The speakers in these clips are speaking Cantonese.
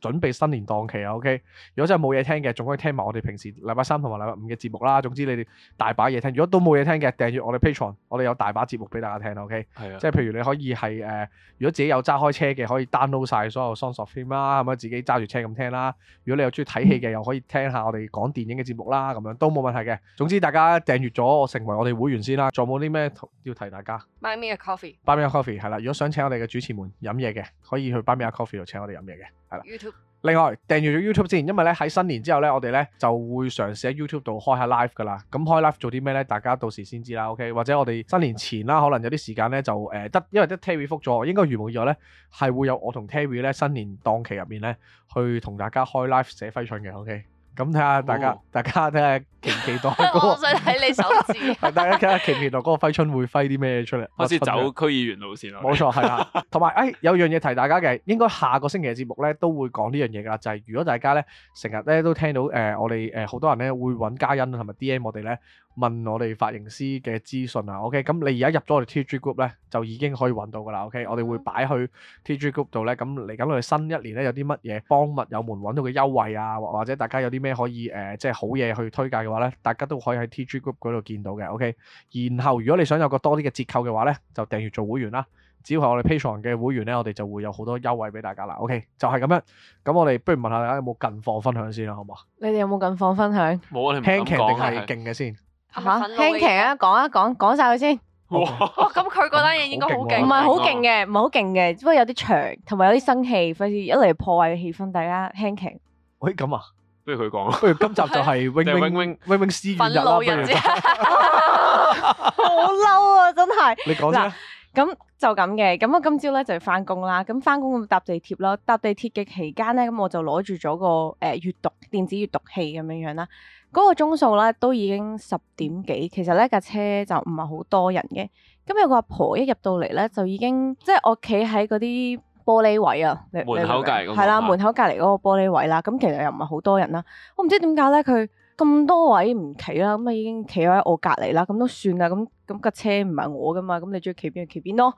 準備新年檔期啊，OK。如果真係冇嘢聽嘅，仲可以聽埋我哋平時禮拜三同埋禮拜五嘅節目啦。總之你哋大把嘢聽。如果都冇嘢聽嘅，訂閲我哋 Patreon，我哋有大把節目俾大家聽，OK 的。即係譬如你可以係誒、呃，如果自己有揸開車嘅，可以 download 晒所有 songs off 添啦，咁、嗯、樣自己揸住車咁聽啦。如果你又中意睇戲嘅，又可以聽下我哋講電影嘅節目啦，咁樣都冇問題嘅。總之大家訂閲咗我成為我哋會員先啦。仲有冇啲咩要提大家？Buy Me A Coffee，Buy Me A Coffee 係啦。如果想請我哋嘅主持們飲嘢嘅，可以去 Buy Me A Coffee 度請我哋飲嘢嘅。係啦，對 YouTube 另外訂閱咗 YouTube 先，因為咧喺新年之後咧，我哋咧就會嘗試喺 YouTube 度開下 live 噶啦。咁開 live 做啲咩咧？大家到時先知啦。OK，或者我哋新年前啦，可能有啲時間咧就誒得、呃，因為得 Terry 覆咗，應該如無意外咧係會有我同 Terry 咧新年檔期入面咧去同大家開 live 寫揮春嘅。OK。咁睇下大家，哦、大家睇下期唔期待嗰個，我想睇你手指。大家睇下期唔期待嗰個揮春會揮啲咩出嚟？我先走區議員路線咯。冇、啊、們錯，係啦。同埋， 誒、哎、有樣嘢提大家嘅，應該下個星期嘅節目咧都會講呢樣嘢噶啦，就係、是、如果大家咧成日咧都聽到誒、呃，我哋誒好多人咧會揾嘉欣同埋 D M 我哋咧。問我哋髮型師嘅資訊啊，OK，咁你而家入咗我哋 TG Group 咧，就已經可以揾到噶啦，OK，我哋會擺去 TG Group 度咧，咁嚟緊我哋新一年咧有啲乜嘢幫物友們揾到嘅優惠啊，或或者大家有啲咩可以誒、呃、即係好嘢去推介嘅話咧，大家都可以喺 TG Group 嗰度見到嘅，OK。然後如果你想有個多啲嘅折扣嘅話咧，就訂閱做會員啦，只要係我哋 Patreon 嘅會員咧，我哋就會有好多優惠俾大家啦，OK。就係咁樣，咁我哋不如問下大家有冇近況分享先啦，好唔好啊？你哋有冇近況分享？冇啊，你唔敢講定係勁嘅先。吓，輕騎啊，講一講，講晒佢先。哇，咁佢嗰單嘢應該好勁，唔係好勁嘅，唔係好勁嘅，不過有啲長，同埋有啲生氣，費事一嚟破壞氣氛，大家輕騎。喂，咁啊，不如佢講，不如今集就係 Wing Wing Wing Wing Wing 思日啦。好嬲啊，真係。你講先。咁就咁嘅，咁我今朝咧就翻工啦，咁翻工咁搭地鐵啦，搭地鐵嘅期間咧，咁我就攞住咗個誒閱讀電子閱讀器咁樣樣啦。嗰個鐘數咧都已經十點幾，其實咧架車就唔係好多人嘅。咁有個阿婆一入到嚟咧，就已經即係我企喺嗰啲玻璃位啊。你門口隔離係啦，門口隔離嗰個玻璃位啦。咁其實又唔係好多人啦。我唔知點解咧，佢咁多位唔企啦，咁啊已經企喺我隔離啦，咁都算啦。咁咁架車唔係我㗎嘛，咁你中意企邊就企邊咯。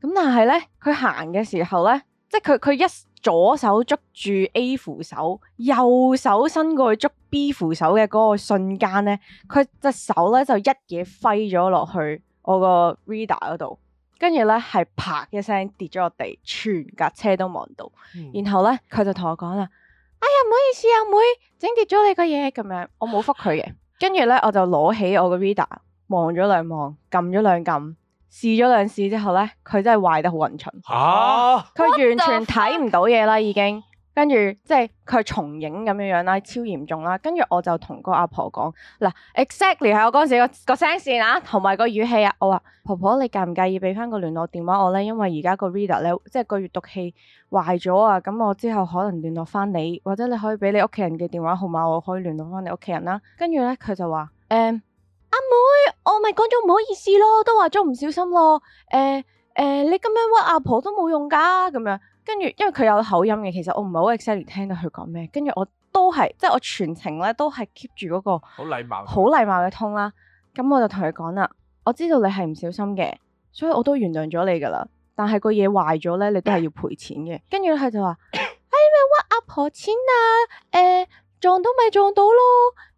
咁但係咧，佢行嘅時候咧，即係佢佢一，左手捉住 A 扶手，右手伸過去捉 B 扶手嘅嗰個瞬間咧，佢隻手咧就一嘢揮咗落去我個 reader 嗰度，跟住咧係啪一聲跌咗落地，全架車都望到。然後咧佢就同我講啦：哎呀，唔好意思啊，妹，整跌咗你個嘢咁樣。我冇覆佢嘅，跟住咧我就攞起我個 reader 望咗兩望，撳咗兩撳。試咗兩試之後咧，佢真係壞得好勻襯，佢、啊、完全睇唔到嘢啦，已經。跟住即係佢重影咁樣樣啦，超嚴重啦。跟住我就同個阿婆講嗱 ，exactly 係我嗰陣時個個聲線啊，同埋個語氣啊。我話，婆婆，你介唔介意俾翻個聯絡電話我咧？因為而家個 reader 咧，即係個閱讀器壞咗啊。咁我之後可能聯絡翻你，或者你可以俾你屋企人嘅電話號碼，我可以聯絡翻你屋企人啦。跟住咧，佢就話，誒。嗯阿妹，我咪講咗唔好意思咯，都話咗唔小心咯。誒、呃、誒、呃，你咁樣屈阿婆都冇用噶，咁樣跟住，因為佢有口音嘅，其實我唔係好 excited 聽到佢講咩。跟住我都係，即係我全程咧都係 keep 住嗰個好禮貌，好禮貌嘅 tone 啦。咁我就同佢講啦，我知道你係唔小心嘅，所以我都原諒咗你噶啦。但係個嘢壞咗咧，你都係要賠錢嘅。跟住佢就話、 哎：，我咩屈阿婆錢啊！誒、呃，撞到咪撞到咯。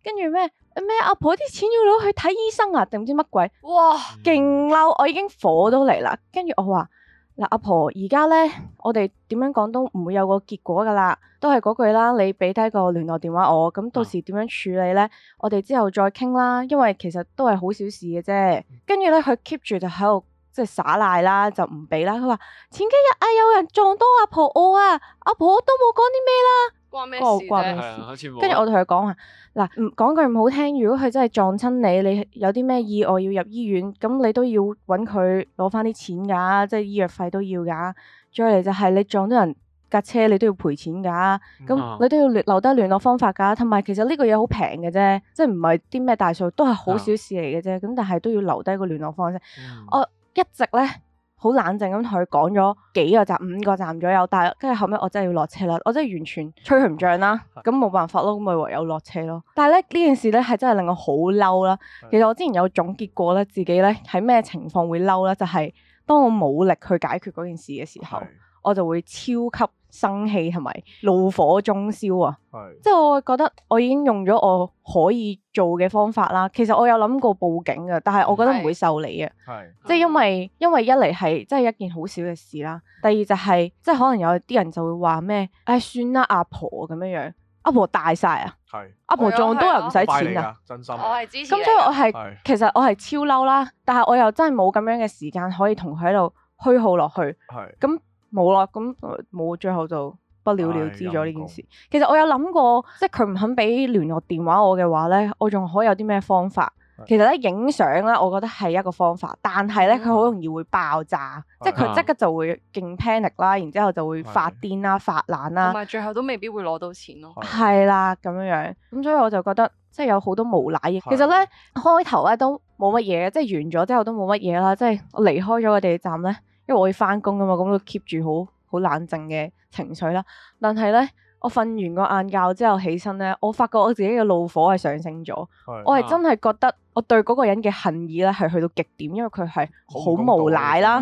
跟住咩？咩阿婆啲錢要攞去睇醫生啊？定唔知乜鬼？哇，勁嬲、嗯！我已經火都嚟啦。跟住我話嗱，阿婆而家咧，我哋點樣講都唔會有個結果噶啦，都係嗰句啦。你俾低個聯絡電話我，咁到時點樣處理咧？我哋之後再傾啦。因為其實都係好小事嘅啫。跟住咧，佢 keep 住就喺度即係耍賴啦，就唔俾啦。佢話前幾日啊，有人撞到阿婆我啊，阿婆都冇講啲咩啦。關咩事，關咩事、啊、好似冇、跟住我同佢講下，嗱，講句唔好聽，如果佢真係撞親你，你有啲咩意外要入醫院，咁你都要揾佢攞翻啲錢㗎，即係醫藥費都要㗎。再嚟就係你撞到人架車，你都要賠錢㗎。咁你都要留低聯絡方法㗎。同埋、嗯、其實呢個嘢好平嘅啫，即係唔係啲咩大數，都係好小事嚟嘅啫。咁、嗯、但係都要留低個聯絡方式。嗯、我一直咧。好冷靜咁同佢講咗幾個站、五個站左右，但係跟住後尾，我真係要落車啦，我真係完全吹佢唔脹啦，咁冇辦法咯，咁咪唯有落車咯。但係咧呢件事咧係真係令我好嬲啦。其實我之前有總結過咧，自己咧喺咩情況會嬲咧，就係、是、當我冇力去解決嗰件事嘅時候，我就會超級生氣同埋怒火中燒啊！係是，即係我覺得我已經用咗我可以做嘅方法啦。其實我有諗過報警嘅，但係我覺得唔會受理啊。係，即係因為因為一嚟係真係一件好小嘅事啦。第二就係、是、即係可能有啲人就會話咩？唉、哎，算啦，阿婆咁樣樣，阿婆大晒啊！係是，阿婆撞多人唔使錢啊，真心，是我係支持。咁所以，我係其實我係超嬲啦，但係我又真係冇咁樣嘅時間可以同佢喺度虛耗落去。係，咁。冇啦，咁冇最後就不了了之咗呢件事。其實我有諗過，即係佢唔肯俾聯絡電話我嘅話咧，我仲可以有啲咩方法？是的 其實咧影相咧，我覺得係一個方法，但係咧佢好容易會爆炸，是的 即係佢即刻就會勁 panic 啦，然之後就會發癲啊、發爛啊，同埋最後都未必會攞到錢咯。係啦是的，咁樣樣，咁所以我就覺得即係有好多無賴嘅。是的 其實咧開頭咧都冇乜嘢，即係完咗之後都冇乜嘢啦，即係離開咗個地鐵站咧。因為我要翻工啊嘛，咁都 keep 住好好冷靜嘅情緒啦。但係咧，我瞓完個晏覺之後起身咧，我發覺我自己嘅怒火係上升咗。是我係真係覺得我對嗰個人嘅恨意咧係去到極點，因為佢係好無賴啦，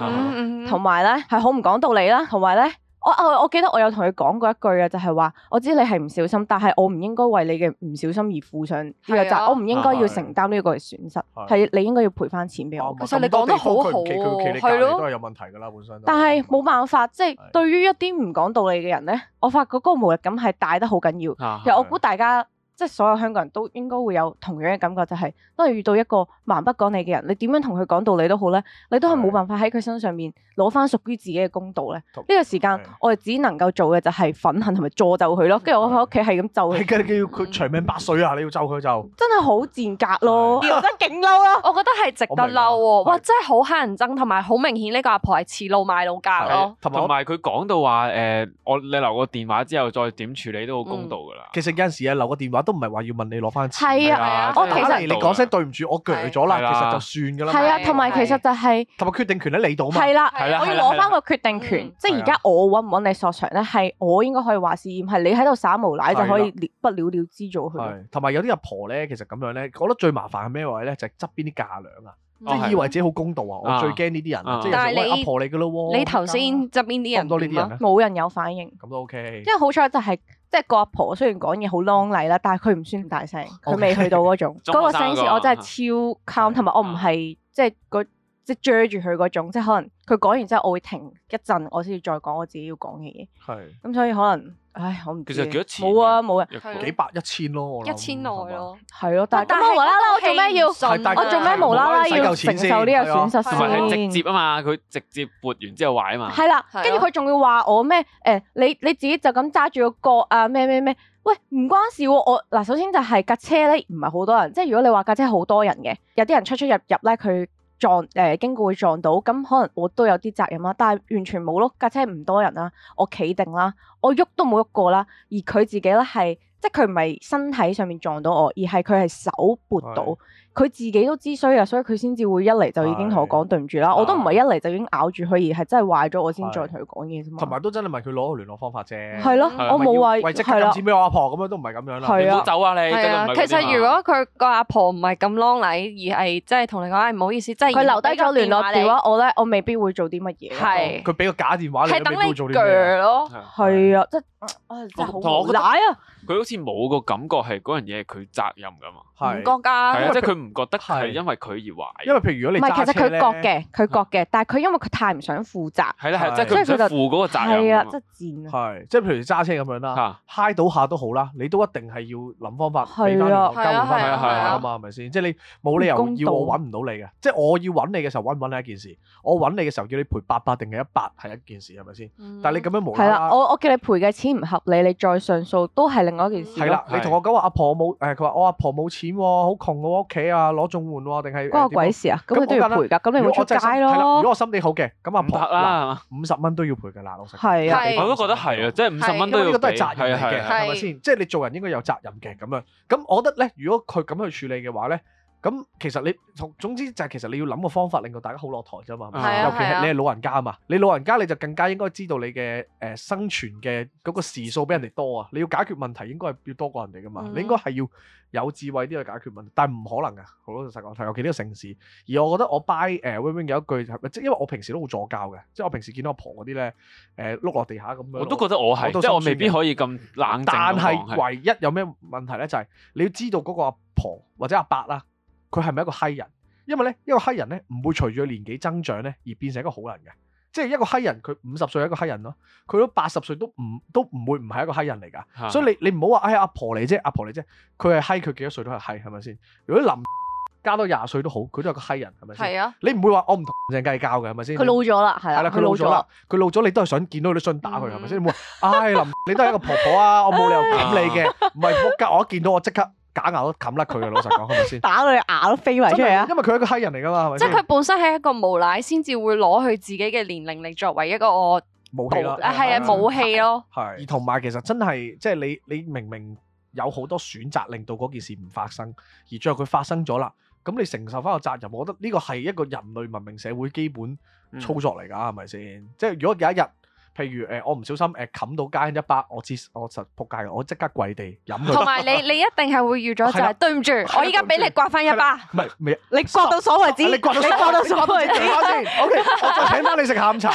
同埋咧係好唔講道理啦，同埋咧。嗯我我我記得我有同佢講過一句啊，就係、是、話我知你係唔小心，但係我唔應該為你嘅唔小心而負上呢個責，啊、我唔應該要承擔呢個嘅損失，係、啊、你應該要賠翻錢俾我。其實、啊、以你講得好好，係咯，都係有問題噶啦、啊、本身。但係冇辦法，即係、啊、對於一啲唔講道理嘅人咧，我發覺嗰個無力感係大得好緊要。啊啊、其實我估大家。即係所有香港人都應該會有同樣嘅感覺，就係當你遇到一個蠻不講理嘅人，你點樣同佢講道理都好咧，你都係冇辦法喺佢身上面攞返屬於自己嘅公道咧。呢的個時間的我哋只能夠做嘅就係憤恨同埋詛咒佢咯。跟住我喺屋企係咁咒佢的，係叫佢長命百歲啊！你要咒佢就真係好賤格咯，是的 我真係勁嬲咯！ 我覺得係值得嬲喎、啊，哇！真係好乞人憎，同埋好明顯呢個阿婆係恃老賣老㗎咯。同埋佢講到話誒，我、呃、你留個電話之後再點處理都好公道噶啦。嗯、其實有陣時啊，留個電話。都唔係話要問你攞翻錢，係啊係啊，我其實你講聲對唔住，我鋸咗啦，其實就算㗎啦。係啊，同埋其實就係同埋決定權喺你度嘛。係啦，係啦，我要攞翻個決定權，即係而家我揾唔揾你索償咧，係我應該可以話事，係你喺度耍無賴就可以不了了之咗佢。同埋有啲阿婆咧，其實咁樣咧，我覺得最麻煩係咩位咧？就係側邊啲嫁梁啊。即係以為自己好公道啊！我最驚呢啲人，啊。即係你，阿婆嚟噶咯，你頭先側邊啲人，冇人有反應，咁都 OK。因為好彩就係，即係個阿婆雖然講嘢好 long 嚟啦，但係佢唔算大聲，佢未去到嗰種嗰個聲線，我真係超 calm，同埋我唔係即係即係追住佢嗰種，即係可能佢講完之後，我會停一陣，我先至再講我自己要講嘅嘢。係是。咁、嗯、所以可能，唉，我唔記得其實幾多錢。冇啊，冇啊，啊的幾百一千咯，一千內咯，係咯，但但係無啦啦，我做咩要？啊、我做咩無啦啦要承受呢個損失先？唔係佢直接啊嘛，佢直接撥完之後壞啊嘛。係啦，跟住佢仲要話我咩？誒、欸，你你自己就咁揸住個角啊？咩咩咩？喂，唔關事喎，我嗱首先就係架車咧，唔係好多人，即係如果你話架車好多人嘅，有啲人出出入入咧，佢。撞誒、呃、經過會撞到，咁可能我都有啲責任啦，但係完全冇咯，架車唔多人啦，我企定啦，我喐都冇喐過啦，而佢自己咧係，即係佢唔係身體上面撞到我，而係佢係手撥到，佢自己都知衰嘅，所以佢先至會一嚟就已經同我講對唔住啦。我都唔係一嚟就已經咬住佢，而係真係壞咗我先再同佢講嘢啫嘛。同埋都真係問佢攞個聯絡方法啫。係咯，我冇話話即刻揼死我阿婆咁樣都唔係咁樣啦。係啊，走啊你！其實如果佢個阿婆唔係咁 long 禮，而係即係同你講，唉唔好意思，即係佢留低咗聯絡電話我咧，我未必會做啲乜嘢。係，佢俾個假電話你，未必會做啲乜嘢。係等你鋸咯，係啊，即係真係好無禮啊！佢好似冇個感覺，係嗰樣嘢係佢責任噶嘛？唔覺啊，即係佢唔覺得係因為佢而壞，因為譬如如果你唔係其實佢覺嘅，佢覺嘅，但係佢因為佢太唔想負責，係啦係即係佢負嗰個責任，係，係賤，即係譬如揸車咁樣啦，嗨到下都好啦，你都一定係要諗方法俾翻聯交換翻啊嘛，係咪先？即係你冇理由要我揾唔到你嘅，即係我要揾你嘅時候揾唔揾你一件事，我揾你嘅時候叫你賠八百定係一百係一件事係咪先？但係你咁樣無啦啦，我我叫你賠嘅錢唔合理，你再上訴都係另外一件事。係啦，你同我講話阿婆冇誒，佢話我阿婆冇錢。點好窮嘅屋企啊，攞仲換定係關個鬼事啊？咁都要賠噶？咁你咪出街咯？如果我心地好嘅，咁啊唔得啦，五十蚊都要賠噶啦，老實講。係啊，我都覺得係啊，即係五十蚊都要都係責任嘅，係咪先？即係你做人應該有責任嘅咁樣。咁我覺得咧，如果佢咁去處理嘅話咧。咁其實你總之就係其實你要諗個方法令到大家好落台啫嘛，嗯、尤其係你係老人家啊嘛，嗯、你老人家你就更加應該知道你嘅誒、呃、生存嘅嗰個時數比人哋多啊，你要解決問題應該係要多過人哋噶嘛，嗯、你應該係要有智慧啲去解決問題，但係唔可能啊。好老實講，尤其呢個城市。而我覺得我 by 誒、呃、有一句，即因為我平時都好助教嘅，即係我平時見到阿婆嗰啲咧，誒碌落地下咁樣，我都覺得我係，我即係我未必可以咁冷靜。但係唯一有咩問題咧，就係、是、你要知道嗰個阿婆，婆或者阿伯啦。佢係咪一個閪人？因為咧，一個閪人咧唔會隨住年紀增長咧而變成一個好人嘅。即係一個閪人，佢五十歲係一個閪人咯，佢都八十歲都唔都唔會唔係一個閪人嚟噶。是的 所以你你唔好話哎阿婆嚟啫，阿婆嚟啫。佢係閪，佢幾多歲都係閪，係咪先？如果林 X, 加多廿歲都好，佢都係個閪人，係咪先？係啊的。你唔會話我唔同鄭計較嘅，係咪先？佢老咗啦，係啦，佢老咗啦，佢老咗，你都係想見到佢啲信打佢，係咪先？唔好，哎林，你都係、嗯哎、一個婆婆啊， 我冇理由揾你嘅，唔係扑街，我一見到我即刻。假牙都冚甩佢嘅，老實講係咪先？ 打到你牙都飛埋的出嚟啊！因為佢係一個黑人嚟噶嘛，係咪？即係佢本身係一個無賴，先至會攞佢自己嘅年齡嚟作為一個武器咯，係啊，武器咯。係而同埋其實真係即係你你明明有好多選擇，令到嗰件事唔發生，而最後佢發生咗啦。咁你承受翻個責任，我覺得呢個係一個人類文明社會基本操作嚟㗎，係咪先？即係、就是、如果有一日。譬如誒，我唔小心誒冚到街一巴，我知我實仆街，我即刻跪地飲。同埋你你一定係會預咗就係對唔住，我而家俾你刮翻一巴。唔係，未，你刮到所為止。你刮到所為止。OK，我再請翻你食下午茶。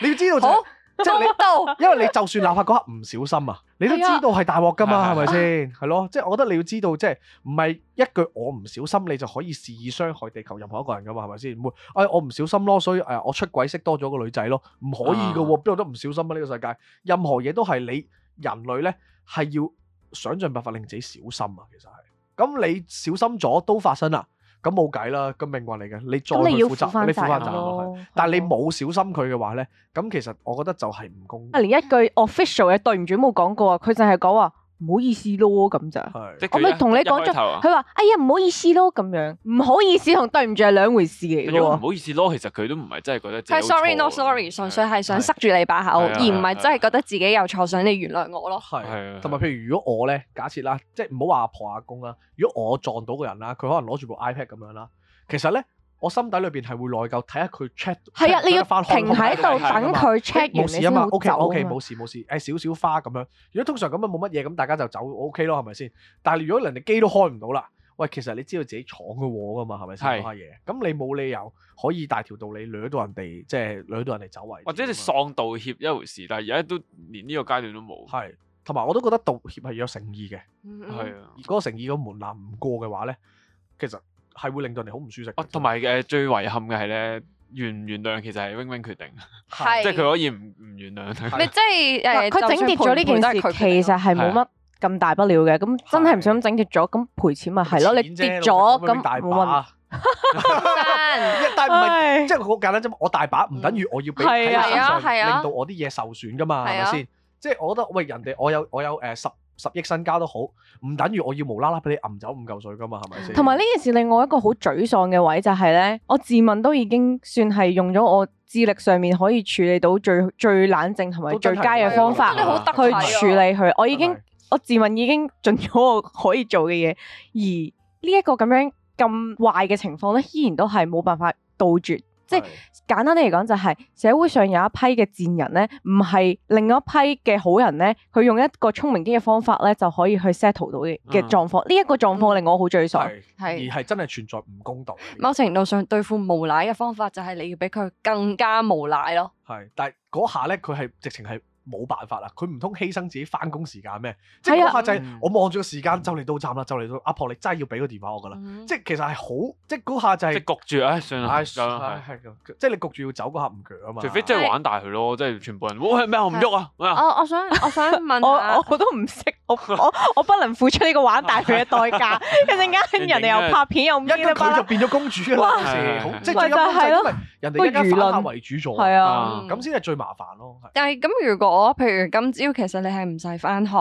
你要知道。即係你， 因為你就算立法嗰刻唔小心啊，你都知道係大鑊噶嘛，係咪先？係咯吧，即係、 就是、我覺得你要知道，即係唔係一句我唔小心，你就可以肆意傷害地球任何一個人噶嘛，係咪先？唔會，哎，我唔小心咯，所以誒、呃，我出軌識多咗個女仔咯，唔可以噶，邊度都唔小心啊！呢、這個世界任何嘢都係你人類呢，係要想盡辦法令自己小心啊，其實係。咁你小心咗，都發生啊。咁冇計啦，個命運嚟嘅，你再去負責，你負翻責，責。哦、是但係你冇小心佢嘅話咧，咁、哦、其實我覺得就係唔公平。平。連一句 official 嘅對唔住冇講過啊，佢淨係講話。唔好意思咯咁就，是我咪同你講咗，佢話哎呀唔好意思咯咁樣，唔好意思同對唔住係兩回事嚟嘅。唔好意思咯，其實佢都唔係真係覺得，係 sorry no sorry，純粹係想塞住你把口，是而唔係真係覺得自己有錯，想你原諒我咯。係啊，同埋是譬如如果我咧，假設啦，即係唔好話阿婆阿公啦，如果我撞到個人啦，佢可能攞住部 iPad 咁樣啦，其實咧。我心底裏邊係會內疚，睇下佢 check。係啊，你要停喺度等佢 check 完你先走。冇事啊嘛，O K O K，冇事冇事。誒，少少花咁樣。如果通常咁樣冇乜嘢，咁大家就走 O K 咯，係咪先？但係如果人哋機都開唔到啦，喂，其實你知道自己闖嘅禍噶嘛，係咪先？嗰下嘢，咁你冇理由可以大條道理掠到人哋，即係掠到人哋走位。或者你喪道歉一回事，但係而家都連呢個階段都冇。係，同埋我都覺得道歉係有誠意嘅，係啊。如果誠意個門檻唔過嘅話咧，其實。係會令到人好唔舒適。哦，同埋嘅最遺憾嘅係咧，原唔原諒其實係 Wing Wing 決定，即係佢可以唔唔原諒。你即係誒，佢整跌咗呢件事，其實係冇乜咁大不了嘅。咁真係唔想咁整跌咗，咁賠錢咪係咯？你跌咗咁大把。但係唔係，即係佢好簡單啫嘛。我大把唔等於我要俾，係啊係啊，令到我啲嘢受損噶嘛，係咪先？即係我覺得喂，人哋我有我有誒十。十億身家都好，唔等於我要無啦啦俾你揞走五嚿水噶嘛，係咪先？同埋呢件事，另外一個好沮喪嘅位就係咧，我自問都已經算係用咗我智力上面可以處理到最最冷靜同埋最佳嘅方法去處理佢。我已經我自問已經盡咗我可以做嘅嘢，而呢一個咁樣咁壞嘅情況咧，依然都係冇辦法杜絕。即係簡單啲嚟講，就係社會上有一批嘅賤人咧，唔係另一批嘅好人咧，佢用一個聰明啲嘅方法咧，就可以去 settle 到嘅嘅狀況。呢一、嗯、個狀況令我好沮喪，而係真係存在唔公道嘅。某程度上對付無賴嘅方法就係你要俾佢更加無賴咯。係，但係嗰下咧，佢係直情係。冇辦法啦，佢唔通犧牲自己返工時間咩？即係嗰下就係我望住個時間就嚟到站啦，就嚟到阿婆，你真係要俾個電話我㗎啦。即係其實係好，即係嗰下就係焗住，唉算啦，唉算啦，即係你焗住要走個合唔腳啊嘛。除非真係玩大佢咯，即係全部人，哇咩我唔喐啊！我我想我想問下，我都唔識。我我不能付出呢個玩大佢嘅代價，一陣間人哋又拍片又咁，一啲就變咗公主嘅事，即係陰質，反客為主咗，係啊，咁先係最麻煩咯。但係咁如果譬如今朝其實你係唔使翻學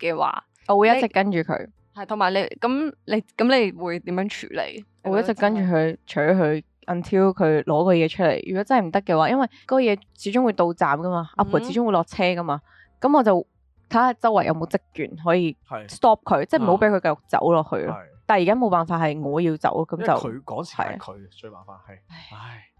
嘅話，我會一直跟住佢，係同埋你咁你咁你會點樣處理？我會一直跟住佢，除咗佢，until 佢攞個嘢出嚟。如果真係唔得嘅話，因為個嘢始終會到站噶嘛，阿婆始終會落車噶嘛，咁我就。睇下周圍有冇職權可以 stop 佢，的即係唔好俾佢繼續走落去咯。的但係而家冇辦法係我要走咁就。佢嗰時係佢的的最麻煩係。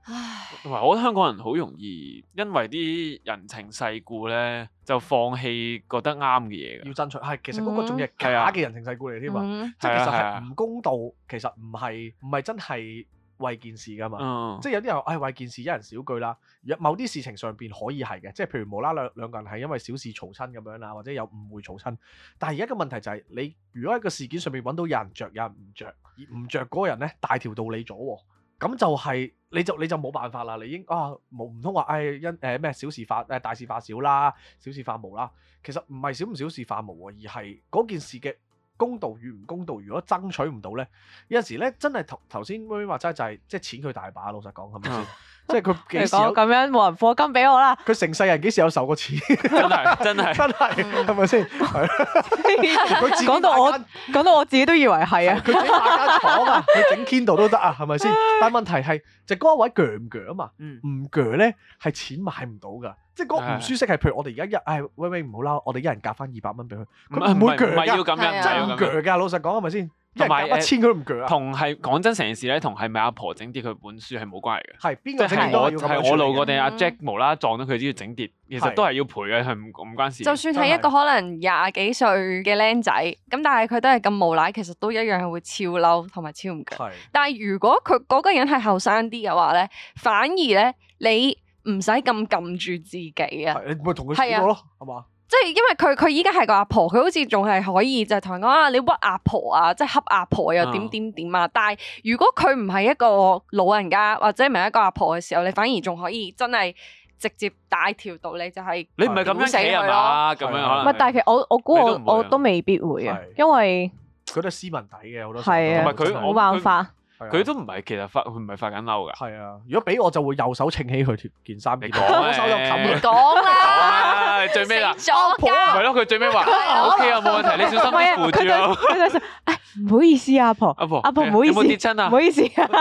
唉，同埋唉我覺得香港人好容易因為啲人情世故咧就放棄覺得啱嘅嘢嘅。要爭取係、哎，其實嗰個仲係假嘅人情世故嚟添嘛，嗯嗯、即係其實係唔公道，其實唔係唔係真係。為件事噶嘛，嗯、即係有啲人，唉、哎，為件事有人少句啦。若某啲事情上邊可以係嘅，即係譬如無啦啦，兩個人係因為小事嘈親咁樣啦，或者有誤會嘈親。但係而家個問題就係、是，你如果喺個事件上面揾到有人着，有人唔着，而唔着嗰個人呢，大條道理咗喎，咁就係、是、你就你就冇辦法啦。你已經啊，無唔通話唉因誒咩小事化誒大事化小啦，小事化無啦。其實唔係小唔小事化無啊，而係嗰件事嘅。公道與唔公道，如果爭取唔到呢，有時呢，真係，頭頭先咪話齋就係、是、即係錢佢大把，老實講係咪先？是 即係佢幾時咁樣冇人課金俾我啦？佢成世人幾時有受過錢？真係真係，係咪先？佢講到我，講到我自己都以為係啊！佢整百間廠啊，佢整天度都得啊，係咪先？但問題係就嗰一位鋸唔鋸啊嘛？唔鋸咧係錢買唔到噶，即係嗰唔舒適係。譬如我哋而家一，哎喂喂唔好嬲，我哋一人夾翻二百蚊俾佢，佢唔會鋸噶。唔係要咁樣真係鋸噶，老實講係咪先？同埋一千佢都唔攰啊！同係講真，成件事咧，同係咪阿婆整跌佢本書係冇關係嘅。係邊個整跌都係我路過定阿、嗯、Jack 無啦啦撞到佢都要整跌，其實都要賠係要賠嘅，係唔唔關事。就算係一個可能廿幾歲嘅僆仔，咁但係佢都係咁無賴，其實都一樣會超嬲同埋超唔攰。係，但係如果佢嗰個人係後生啲嘅話咧，反而咧你唔使咁撳住自己啊！你唔係同佢黐咗咯，係嘛的？即係，因為佢佢依家係個阿婆，佢好似仲係可以就係同人講啊，你屈阿婆啊，即係恰阿婆又點點點啊。但係如果佢唔係一個老人家或者唔係一個阿婆嘅時候，你反而仲可以真係直接帶條道理，就係你唔係咁樣死佢咯。咁樣可能唔係，啊、但係其實我我估我、啊、我都未必會啊，因為佢都係斯文底嘅好多都，係啊，唔係佢冇辦法。佢都唔係，其實佢唔係發緊嬲㗎。係啊，如果俾我就會右手撐起佢條件衫，俾我左手用琴嚟講、 啊、啦。最尾啦，阿婆唔係咯，佢最尾話：OK 啊，冇問題， 你小心啲是扶住咯。 唔好意思阿婆，阿婆，阿婆，唔好意思，跌親啊，唔好意思，輸呢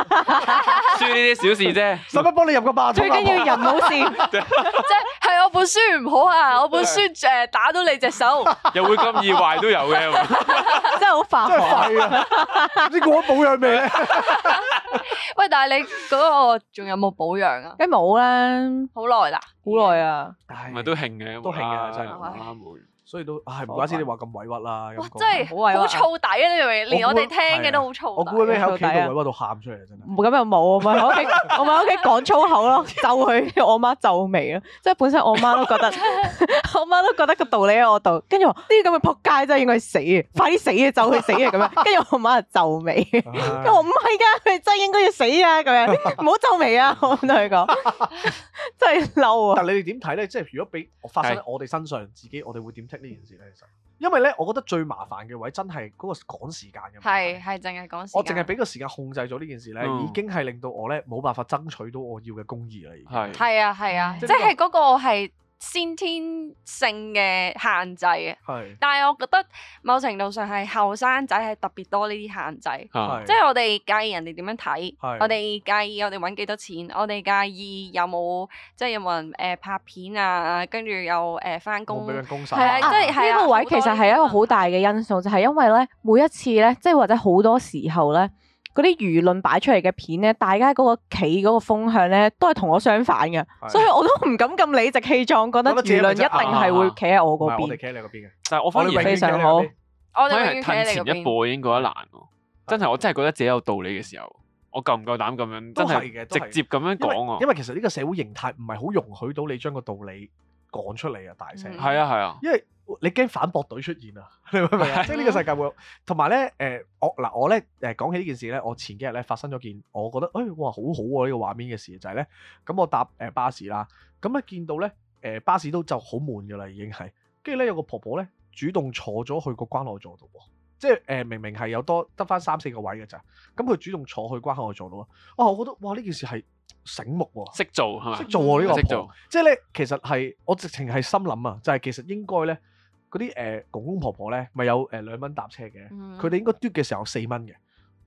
啲小事啫。使乜幫你入個霸？最緊要人冇事，即係我本書唔好啊，我本書誒打到你隻手，又會咁易壞都有嘅，真係好犯法，先過咗保養未？喂，但係你嗰個仲有冇保養啊？梗係冇啦，好耐啦，好耐啊，但係咪都慶嘅，都慶嘅，真係啱會。所以都唉，唔怪得你話咁委屈啦，真係好好燥底啊！呢嘢連我哋聽嘅都好燥。我估你喺屋企度委屈到喊出嚟，真係。咁又冇啊？我喺我喺屋企講粗口咯，咒佢，我媽皺眉咯。即係本身我媽都覺得，我媽都覺得個道理喺我度。跟住話呢啲咁嘅仆街真係應該死啊，快啲死啊！咒佢死啊！咁樣。跟住我媽就皺眉，我話唔係㗎，佢真係應該要死啊！咁樣，唔好皺眉啊！我同佢講，真係嬲啊！但你哋點睇咧？即係如果俾發生喺我哋身上，自己我哋會點？呢件事咧，其實因為咧，我覺得最麻煩嘅位真係嗰個趕時間嘅，係係淨係趕時間。我淨係俾個時間控制咗呢件事咧，嗯、已經係令到我咧冇辦法爭取到我要嘅公義啦。已經係係啊係啊，啊即係嗰個係。先天性嘅限制啊，是但係我覺得某程度上係後生仔係特別多呢啲限制，是嗯、即係我哋介意人哋點樣睇，是我哋介意我哋揾幾多錢，我哋介意有冇即係有冇人誒、呃、拍片啊，跟住又誒返、呃、工，係是啊，即係呢個位其實係一個好大嘅因素，就係、是、因為咧每一次咧，即係或者好多時候咧。嗰啲輿論擺出嚟嘅片咧，大家嗰個企嗰個風向咧，都係同我相反嘅，是的 所以我都唔敢咁理直氣壯，覺得輿論一定係會企喺我嗰邊。唔係我企喺你邊嘅，但係我反而非常好。我哋而退前一步已經覺得難、啊，真係我真係覺得自己有道理嘅時候，我夠唔夠膽咁樣真係直接咁樣講啊因？因為其實呢個社會形態唔係好容許到你將個道理講出嚟啊，大聲係啊係啊，因為、嗯。你驚反駁隊出現啊？你明唔明啊？即係呢個世界會有同埋咧，誒、呃、我嗱我咧誒講起呢件事咧，我前幾日咧發生咗件我覺得誒、哎、哇好好喎呢個畫面嘅事，就係咧咁我搭誒、呃、巴士啦，咁、啊、一見到咧誒、呃、巴士都就好滿嘅啦，已經係跟住咧有個婆婆咧主動坐咗去個關愛座度喎，即係誒明明係有多得翻三四個位嘅咋，咁、嗯、佢主動坐去關愛座度咯。哇、啊，我覺得哇呢件事係醒目喎、啊，識做係咪？識做喎呢個婆婆。即係咧其實係我直情係心諗啊，就係、是、其實應該咧。嗰啲誒公公婆婆咧，咪有誒兩蚊搭車嘅，佢哋、嗯、應該嘟嘅時候四蚊嘅，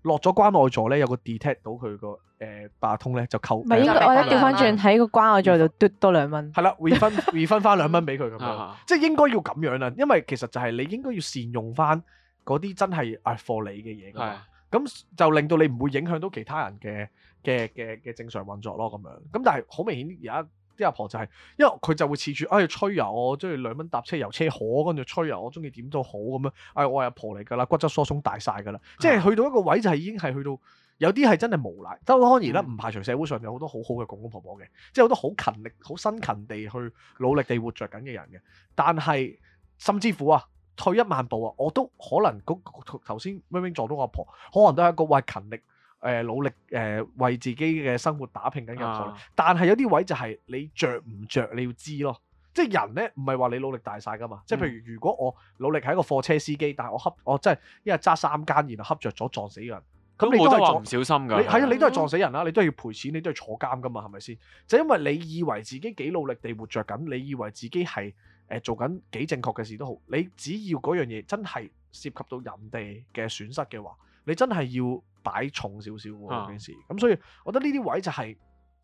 落咗關外座咧有個 detect 到佢個誒八達通咧就扣，咪應該我咧調翻轉喺個關外座度嘟多兩蚊，係啦 refund refund 翻兩蚊俾佢咁樣，即係應該要咁樣啦，因為其實就係你應該要善用翻嗰啲真係 for 你嘅嘢㗎嘛，咁就令到你唔會影響到其他人嘅嘅嘅嘅正常運作咯，咁樣，咁但係好明顯而家。啲阿婆就係、是，因為佢就會恃住，哎，吹油我中意兩蚊搭車遊車河，跟住吹油我中意點都好咁樣。哎，我係阿婆嚟噶啦，骨質疏鬆大晒噶啦，即係去到一個位就係已經係去到有啲係真係無賴。當然啦，唔排除社會上有很多很好多好好嘅公公婆婆嘅，即係好多好勤力、好辛勤地去努力地活着緊嘅人嘅。但係，甚至乎啊，退一萬步啊，我都可能嗰頭先明明撞到我阿婆，可能都係一個話勤力。誒努力誒、呃、為自己嘅生活打拼緊嘅努力，啊、但係有啲位就係你着唔着，你要知咯。即、就、係、是、人呢唔係話你努力大晒㗎嘛。即係、嗯、譬如，如果我努力係一個貨車司機，但係我恰我真係一日揸三間，然後恰着咗撞死人，咁、嗯、你都係話唔小心㗎。係啊，你都係撞死人啦，你都要賠錢，你都要坐監㗎嘛？係咪先？就是、因為你以為自己幾努力地活着緊，你以為自己係誒做緊幾正確嘅事都好。你只要嗰樣嘢真係涉及到人哋嘅損失嘅話，你真係要，要。擺重少少喎，件事咁，所以我覺得呢啲位就係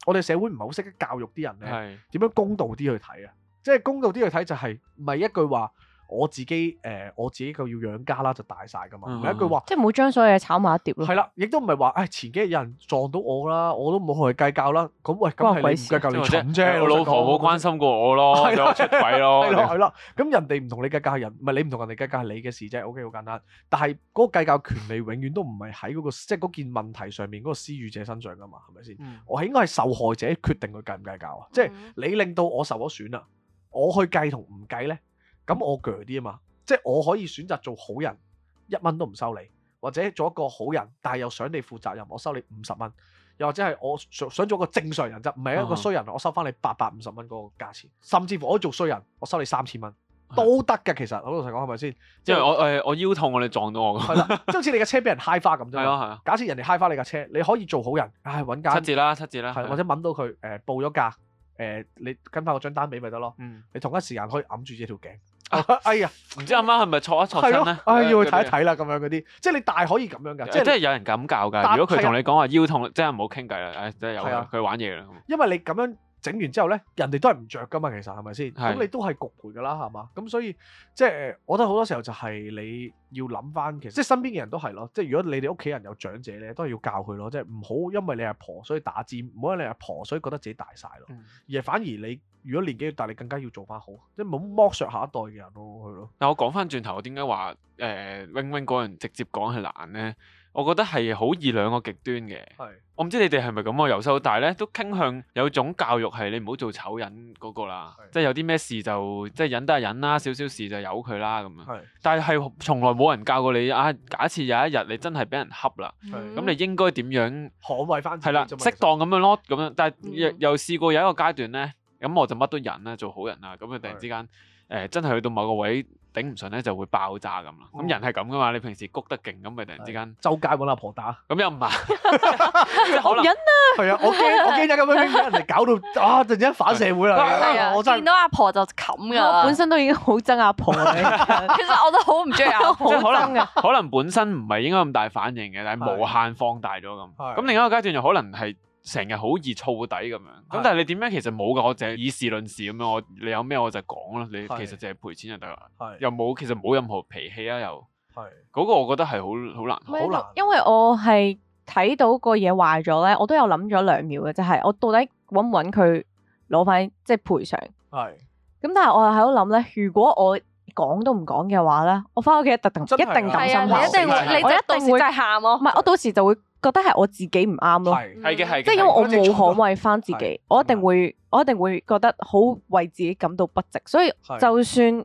我哋社會唔係好識教育啲人咧，點樣公道啲去睇啊？即係是公道啲去睇就係唔係一句話。我自己誒，我自己個要養家啦，就大晒噶嘛。一句話，即係唔好將所有嘢炒埋一碟咯。係啦，亦都唔係話，誒前幾日有人撞到我啦，我都冇去計較啦。咁喂，咁係唔計較你蠢啫。我老婆好關心過我咯，出軌咯，係啦，咁人哋唔同你計較，人唔係你唔同人哋計較係你嘅事啫。OK，好簡單。但係嗰個計較權利永遠都唔係喺嗰個，即係嗰件問題上面嗰個施予者身上噶嘛，係咪先？我應該係受害者決定佢計唔計較啊。即係你令到我受咗損啊。我去計同唔計咧？咁我鋸啲啊嘛，即係我可以選擇做好人，一蚊都唔收你，或者做一個好人，但係又想你負責任，我收你五十蚊，又或者係我想想做一個正常人啫，唔係一個衰人，我收翻你八百五十蚊嗰個價錢，甚至乎我做衰人，我收你三千蚊都得嘅。其實我老實講係咪先？是是即因為我誒、呃、我腰痛，我哋撞到我㗎。係啦 即好似你架車俾人嗨花咁啫。係假設人哋嗨花你架車，你可以做好人，唉揾價。七折啦七折啦。或者揾到佢誒、呃、報咗價誒、呃，你跟翻嗰張單俾咪得咯？嗯、你同一時間可以揞住條頸。哎呀，唔知阿媽係咪錯一錯身咧？哎，要去睇一睇啦，咁樣嗰啲，即係你大可以咁樣嘅，即係有人咁教嘅。如果佢同你講話腰痛，即係唔好傾偈啦，誒，真係有佢玩嘢啦。因為你咁樣整完之後咧，人哋都係唔着噶嘛，其實係咪先？咁你都係焗盤噶啦，係嘛？咁所以即係，我覺得好多時候就係你要諗翻，其實即係身邊嘅人都係咯，即係如果你哋屋企人有長者咧，都係要教佢咯，即係唔好因為你阿婆所以打尖，唔好因為你阿婆所以覺得自己大晒咯，而係反而你。如果年紀大，你更加要做翻好，即係冇剝削下一代嘅人咯，係咯。嗱，我講翻轉頭，點解話誒，Wing Wing 嗰人直接講係難咧？我覺得係好易兩個極端嘅。係。我唔知你哋係咪咁啊？由細到大咧，都傾向有種教育係你唔好做醜人嗰個啦，即係有啲咩事就即係忍都係忍啦，少少事就由佢啦咁樣。係。但係從來冇人教過你啊！假設有一日你真係俾人恰啦，咁你應該點樣捍衞翻？係啦，適當咁樣咯，咁樣。但係又又試過有一個階段咧。咁我就乜都忍啦，做好人啦，咁佢突然之間，誒真係去到某個位頂唔順咧，就會爆炸咁啦。咁人係咁噶嘛，你平時谷得勁，咁佢突然之間周街揾阿婆打，咁又唔係？忍啊！係啊，我驚我驚一咁樣一嚟搞到啊，突然間反社會啦！我見到阿婆就冚噶，我本身都已經好憎阿婆嘅，其實我都好唔中意阿婆。可能可能本身唔係應該咁大反應嘅，但係無限放大咗咁。咁另一個階段又可能係。成日好易燥底咁樣，咁但係你點咧？其實冇噶，我淨係以事論事咁樣，我你有咩我就講啦。你其實淨係賠錢就得啦，又冇其實冇任何脾氣啊，又係嗰個我覺得係好好難，好難，因為我係睇到個嘢壞咗咧，我都有諗咗兩秒嘅，就係我到底搵唔搵佢攞翻即係賠償？係咁，但係我又喺度諗咧，如果我講都唔講嘅話咧，我翻屋企一定一定一定感心痛，一定你就一定會真係喊咯，唔係我到時就會。覺得係我自己唔啱咯，係，係嘅，係即係因為我冇捍衛翻自己，我一定會，我一定會覺得好為自己感到不值，所以就算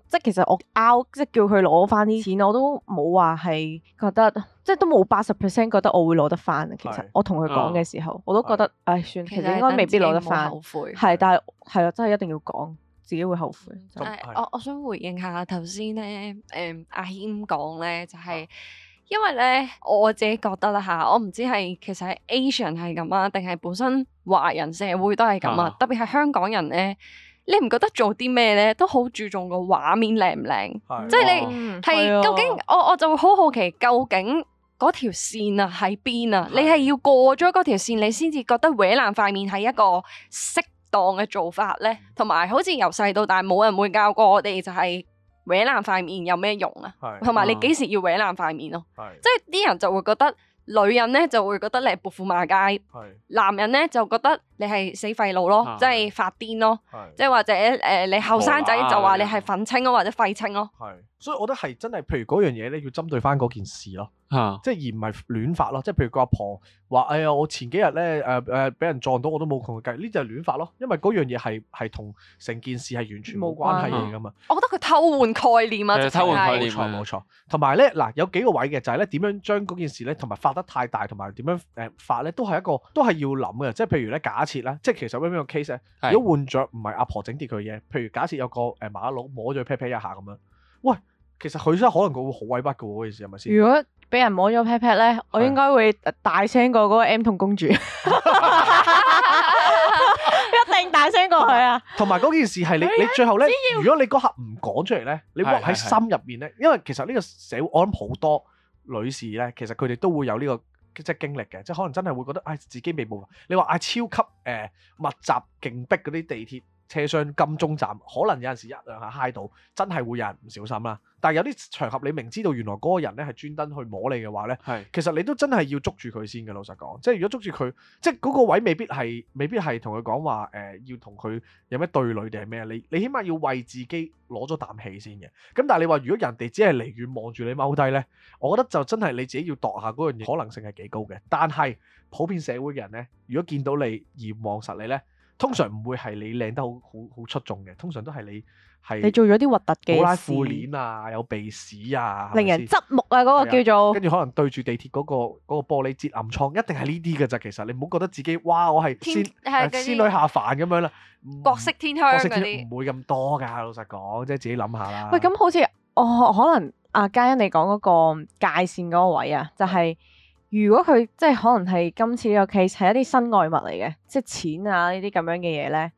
即係其實我拗，即係叫佢攞翻啲錢，我都冇話係覺得，即係都冇八十 percent 覺得我會攞得翻。其實我同佢講嘅時候，我都覺得，唉，算，其實應該未必攞得翻，後悔係，但係係咯，真係一定要講，自己會後悔。我我想回應下頭先咧，誒阿謙講咧就係。因為咧，我自己覺得啦吓，我唔知係其實喺 Asian 係咁啊，定係本身華人社會都係咁啊，特別係香港人咧，你唔覺得做啲咩咧都好注重個畫面靚唔靚？即係是、啊、你係究竟是、啊、我我就會好好奇，究竟嗰條線是啊喺邊啊？你係要過咗嗰條線，你先至覺得搲爛塊面係一個適當嘅做法咧，同埋、嗯、好似由細到大冇人會教過我哋就係、是。搲爛塊面有咩用啊？同埋是你幾時要搲爛塊面咯？是即係啲人就會覺得女人咧就會覺得你係潑婦罵街，是男人咧就覺得你係死廢佬咯，是即係發癲咯，是即係或者誒、呃、你後生仔就話你係憤青或者廢青咯。係，所以我覺得係真係，譬如嗰樣嘢咧，要針對翻嗰件事咯。即係而唔係亂發咯，即係譬如個阿婆話，哎呀，我前幾日咧，誒誒，俾人撞到，我都冇同佢計，呢就係亂發咯，因為嗰樣嘢係係同成件事係完全冇關係嘅嘛。嗯、哼我覺得佢偷換概念啊，即係的偷換概念、啊，冇錯冇錯。同埋咧，嗱有，有幾個位嘅，就係咧點樣將嗰件事咧，同埋發得太大，同埋點樣誒發咧，都係一個都係要諗嘅。即係譬如咧，假設咧，即係其實咩咩個 case 咧，的如果換着唔係阿婆整跌佢嘅嘢，譬如假設有個誒麻甩佬摸咗佢 pat pat 一下咁樣，喂，其實佢真係可能佢會好委屈噶嗰件事係咪先？如果俾人摸咗 pat pat 咧，我應該會大聲過嗰個 M 痛公主，一定大聲過佢啊！同埋嗰件事係你，你最後咧，如果你嗰刻唔講出嚟咧，你話喺心入面咧，因為其實呢個社會我諗好多女士咧，其實佢哋都會有呢個即係經歷嘅，即係可能真係會覺得唉，自己被暴力。你話唉，超級誒密集勁逼嗰啲地鐵。車廂金鐘站，可能有陣時一兩下揩到，真係會有人唔小心啦。但係有啲場合你明知道原來嗰個人咧係專登去摸你嘅話呢是其實你都真係要捉住佢先嘅。老實講，即係如果捉住佢，即係嗰個位未必係，未必係同佢講話誒，要同佢有咩對壘定係咩？你你起碼要為自己攞咗啖氣先嘅。咁但係你話如果人哋只係離遠望住你踎低呢，我覺得就真係你自己要度下嗰樣嘢，可能性係幾高嘅。但係普遍社會嘅人呢，如果見到你而望實你呢。通常唔會係你靚得好好好出眾嘅，通常都係你係你做咗啲核突嘅事，冇拉褲鏈啊，有鼻屎啊，令人側目啊，嗰、那個叫做跟住可能對住地鐵嗰個玻璃擠暗瘡，一定係呢啲㗎咋，其實你唔好覺得自己哇，我係仙仙女下凡咁樣啦，國、嗯、色天香嗰啲唔會咁多㗎。老實講，即係自己諗下啦。喂，咁好似我、哦、可能阿嘉欣你講嗰個界線嗰個位啊，就係、是。嗯如果佢即係可能係今次呢個 case 係一啲身外物嚟嘅，即係錢啊呢啲咁樣嘅嘢咧，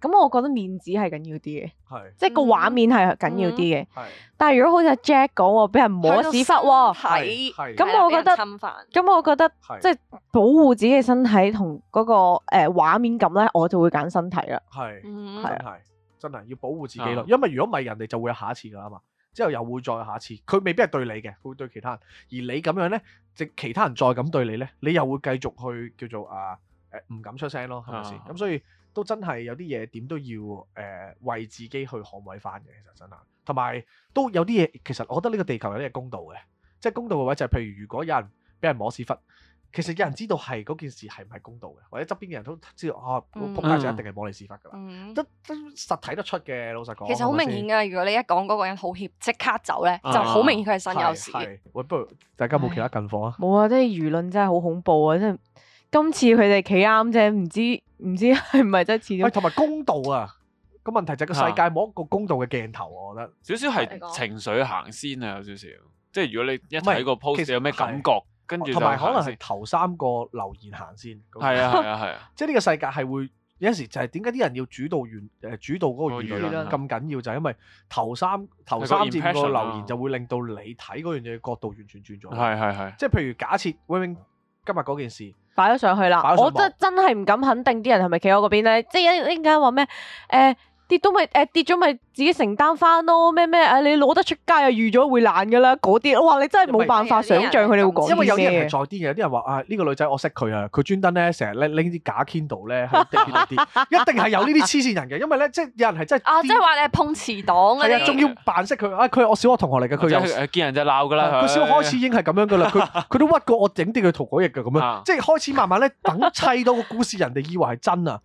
咁我覺得面子係緊要啲嘅，是即係個畫面係緊要啲嘅。嗯嗯、但係如果好似阿 Jack 講，俾人摸屎忽喎，咁身體 我覺得咁我覺得即係保護自己嘅身體同嗰個誒畫面咁咧，我就會揀身體啦。係係啊，真係要保護自己咯，嗯、因為如果唔係，人哋就會有下一次噶啦嘛。之後又會再下次，佢未必係對你嘅，佢會對其他人。而你咁樣呢，即其他人再咁對你呢，你又會繼續去叫做啊呃、唔敢出聲咯，係咪先？咁、uh huh. 所以都真係有啲嘢點都要誒、呃、為自己去捍衞翻嘅，其實真係。同埋都有啲嘢，其實我覺得呢個地球有啲嘢公道嘅，即係公道嘅話就係、是、譬如如果有人俾人摸屎忽。其實有人知道係嗰件事係唔係公道嘅，或者側邊嘅人都知道啊，扑街就一定係枉你死法噶啦，都得實睇得出嘅老實講。其實好明顯噶，如果你一講嗰個人好怯，即刻走咧，就好明顯佢係身有屎。喂，不如大家冇其他近況啊？冇啊，即係輿論真係好恐怖啊！即係今次佢哋企啱啫，唔知唔知係咪真係似喂，同埋公道啊！個問題就係個世界冇一個公道嘅鏡頭，我覺得。少少係情緒行先啊，有少少。即係如果你一睇個 post 有咩感覺？跟住同埋可能係頭三個留言行先，係啊係啊係啊！即係呢個世界係會有陣時就係點解啲人要主導完誒，主導嗰個語言咁緊要，就係因為頭三頭三節個留言就會令到你睇嗰樣嘢嘅角度完全轉咗。係係係。即係譬如假設 Wing 今日嗰件事擺咗上，上去啦，上去我真真係唔敢肯定啲人係咪企喺我嗰邊咧？即係、啊、一陣間話咩？誒、呃。跌到，咪誒跌咗咪自己承擔翻咯。咩咩啊，你攞得出街啊，預咗會爛噶啦。嗰啲哇，你真係冇辦法想像佢哋會講啲咩。因為有人在啲嘅，有啲人話啊，呢個女仔我識佢啊，佢專登咧成日拎拎啲假 Kindle 咧度跌，一定係有呢啲黐線人嘅。因為咧即係有人係真啊，即係話你係碰瓷黨嗰，仲要扮識佢啊！佢我小學同學嚟嘅，佢又見人就鬧噶啦。佢小學開始已經係咁樣噶啦，佢佢都屈過我整啲佢塗改液嘅咁樣，即係開始慢慢咧等砌到個故事，人哋以為係真啊，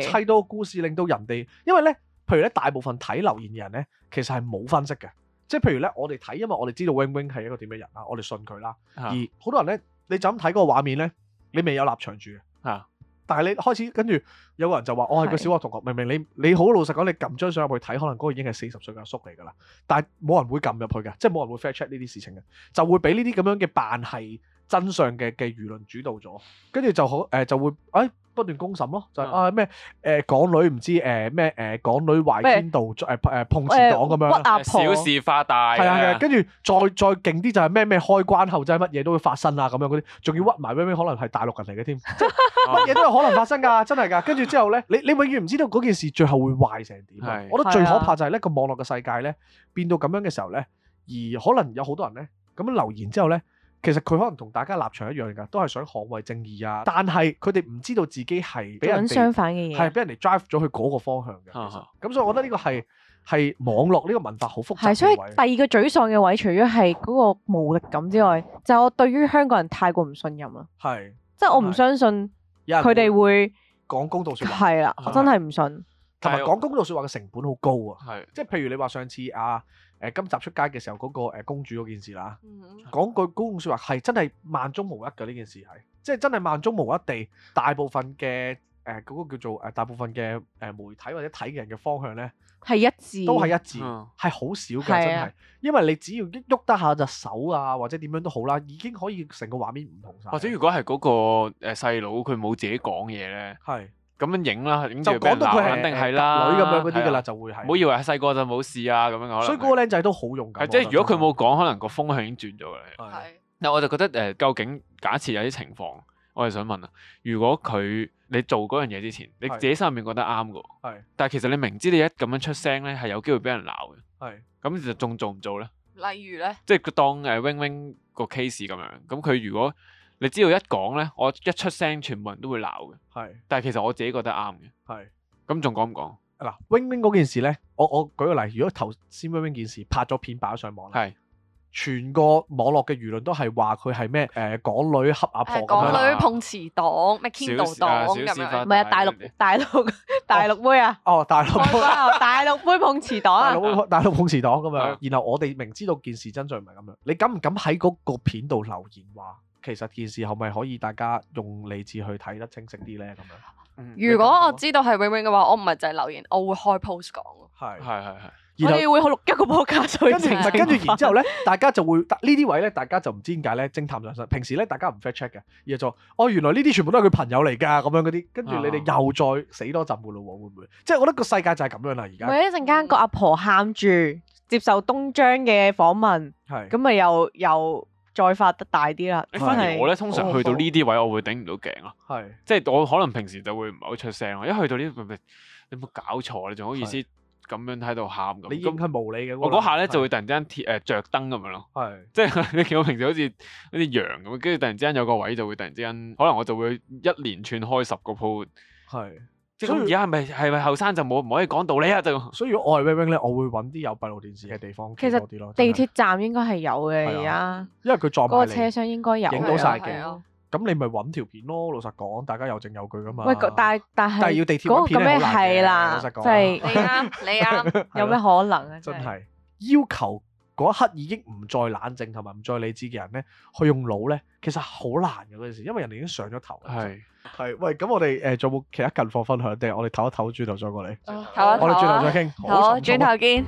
砌到個故事令到人哋，因為咧。譬如咧，大部分睇留言嘅人咧，其實係冇分析嘅。即係譬如咧，我哋睇，因為我哋知道 Wing Wing 係一個點嘅人啊，我哋信佢啦。而好多人咧，你就咁睇嗰個畫面咧，你未有立場住啊。但係你開始跟住有個人就話：我係個小學同學。明明你你好老實講，你撳張相入去睇，可能嗰個已經係四十歲嘅阿叔嚟㗎啦。但係冇人會撳入去嘅，即係冇人會 fact check 呢啲事情嘅，就會俾呢啲咁樣嘅扮係真相嘅嘅輿論主導咗，跟住就好誒、呃，就會哎。不斷公審咯，就係、是、啊咩誒、呃、港女唔知誒咩誒港女懷天道誒誒碰瓷黨咁樣，屈小事化大。係啊係啊，跟住再再勁啲就係咩咩開關後製乜嘢都會發生啊咁樣嗰啲，仲要屈埋咩咩可能係大陸人嚟嘅添，乜嘢 都有可能發生㗎，真係㗎。跟住之後咧，你你永遠唔知道嗰件事最後會壞成點。係的，我覺得最可怕就係呢的個網絡嘅世界咧，變到咁樣嘅時候咧，而可能有好多人咧咁樣留言之後咧。其實佢可能同大家立場一樣㗎，都係想捍衛正義啊！但係佢哋唔知道自己係俾人相反嘅嘢，係俾人哋 drive 咗去嗰個方向嘅。咁、啊、所以我覺得呢個係係網絡呢個文化好複雜。係，所以第二個沮喪嘅位，除咗係嗰個無力感之外，就係、我對於香港人太過唔信任啦。係是，即係我唔相信佢哋會講公道説話。係啦，我真係唔信。同埋的講公道説話嘅成本好高啊！係的，即係譬如你話上次啊。誒今集出街嘅時候嗰、那個公主嗰件事啦，嗯、哼講句公道説話係真係萬中無一嘅，呢件事係，即、就、係、是、真係萬中無一地，大部分嘅誒嗰個叫做誒、呃、大部分嘅誒媒體或者睇嘅人嘅方向呢係一致，都係一致，係好、嗯、少嘅真係，啊、因為你只要喐得下隻手啊或者點樣都好啦，已經可以成個畫面唔同晒。或者如果係嗰個誒細佬佢冇自己講嘢呢。係。咁樣影啦，影住俾鬧，肯定係啦，女咁樣嗰啲噶啦，就會係。唔好以為細個就冇事啊，咁樣講啦。所以嗰個靚仔都好勇敢。係，即係如果佢冇講，可能個風向已經轉咗啦。係。嗱，我就覺得誒，究竟假設有啲情況，我係想問啊，如果佢你做嗰樣嘢之前，你自己心入面覺得啱噶，係。但係其實你明知你一咁樣出聲咧，係有機會俾人鬧嘅。係。咁其實仲做唔做咧？例如咧？即係當誒 Wing Wing 個 case 咁樣，咁佢如果。你知道一講咧，我一出聲，全部人都會鬧嘅。係是，但係其實我自己覺得啱嘅。係是，咁仲講唔講？嗱，wing wing 嗰件事咧，我我舉個例，如果頭先 wing wing 件事拍咗片擺咗上網，係是，全個網絡嘅輿論都係話佢係咩？誒、呃、港女恰阿婆、呃，港女碰瓷黨咩 Kindle 黨咁時、啊、樣，唔係啊，大陸大陸大陸妹啊，哦大陸，大陸妹碰瓷黨，大陸， 大，陸大陸碰瓷黨咁樣。然後我哋明知道件事真相唔係咁樣，你敢唔敢喺嗰個片度留言話？其實件事係咪可以大家用理智去睇得清晰啲咧，咁樣。如果我知道係永永嘅話，我唔係就係留言，我會開 post 講。係係係係，我哋會錄一個波架上，跟住，跟住然之後咧，大家就會呢啲位咧，大家就唔知點解咧，偵探上身。平時咧，大家唔 check check 嘅，而家就：「哦，原來呢啲全部都係佢朋友嚟噶，咁樣嗰啲。跟住你哋又再死多陣嘅咯，會唔會？即係我覺得個世界就係咁樣啦、啊，而家。佢一陣間、個阿婆喊住接受東張嘅訪問，係咁咪又又。又再發得大啲啦！的反而我咧通常去到呢啲位，我會頂唔到頸咯。係的，即係我可能平時就會唔係好出聲咯。一去到呢，唔係你冇搞錯？你仲好意思咁樣喺度喊咁？咁係的樣無理嘅，那我嗰下咧就會突然之間貼誒的、呃、著燈咁樣咯。係的，即係你見我平時好似啲羊咁，跟住突然之間有個位就會突然之間，可能我就會一連串開十個鋪。係的。咁而家係咪係咪後生就冇唔可以講道理啊？就所以如果我係 wingwing 咧，我會揾啲有閉路電視嘅地方，其實啲咯，地鐵站應該係有嘅而家，因為佢坐埋你嗰個車廂應該有影到晒嘅。咁你咪揾條片咯。老實講，大家有證有據噶嘛。喂，但係但係要地鐵片嗰咁咩係啦？即係你啱，你啱，有咩可能啊？真係要求。嗰一刻已經唔再冷靜同埋唔再理智嘅人咧，去用腦咧，其實好難嘅嗰陣時，因為人哋已經上咗頭。係係，喂，咁我哋誒仲有冇其他近況分享？定係我哋唞一唞，轉頭再過嚟。好，我哋轉頭再傾。好，轉頭見。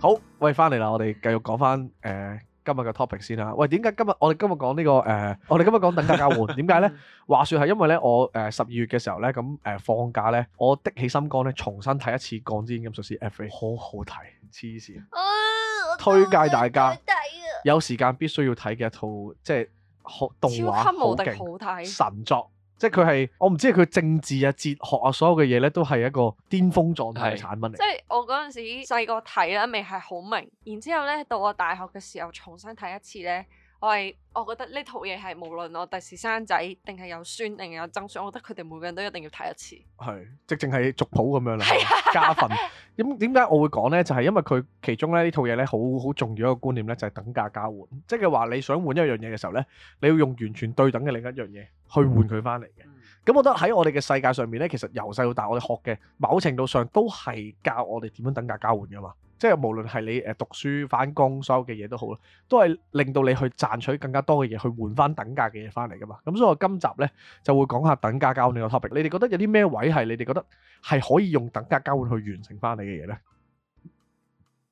好，喂，翻嚟啦，我哋繼續講翻誒。今日嘅 topic 先啦，喂，點解今日我哋今日講呢個誒，我哋今日講、這個呃、等價交換，點解咧？話說係因為咧，我誒十二月嘅時候咧，咁、呃、誒放假咧，我的起心肝咧，重新睇一次《鋼之煉金術師》F.A，好好睇，黐線、啊，推介大家，有時間必須要睇嘅一套，即係好動畫，超級無敵好睇神作。即係佢係，我唔知係佢政治啊、哲學啊所有嘅嘢咧，都係一個巔峰狀態嘅產品嚟嘅。即係我嗰陣時細個睇啦，未係好明。然之後咧，到我大學嘅時候重新睇一次咧。我係我覺得呢套嘢係無論我第時生仔定係有孫定有曾孫，我覺得佢哋每個人都一定要睇一次。係，即係淨係族譜咁樣啦，家訓。咁點解我會講呢？就係、是、因為佢其中咧呢套嘢咧，好好重要一個觀念咧，就係等價交換。即係話你想換一樣嘢嘅時候咧，你要用完全對等嘅另一樣嘢去換佢返嚟嘅。咁、嗯、我覺得喺我哋嘅世界上面咧，其實由細到大，我哋學嘅某程度上都係教我哋點樣等價交換㗎嘛。即係無論係你誒讀書、返工，所有嘅嘢都好啦，都係令到你去賺取更加多嘅嘢，去換翻等價嘅嘢翻嚟噶嘛。咁所以我今集咧就會講下等價交換呢個 topic。你哋覺得有啲咩位係你哋覺得係可以用等價交換去完成翻你嘅嘢咧？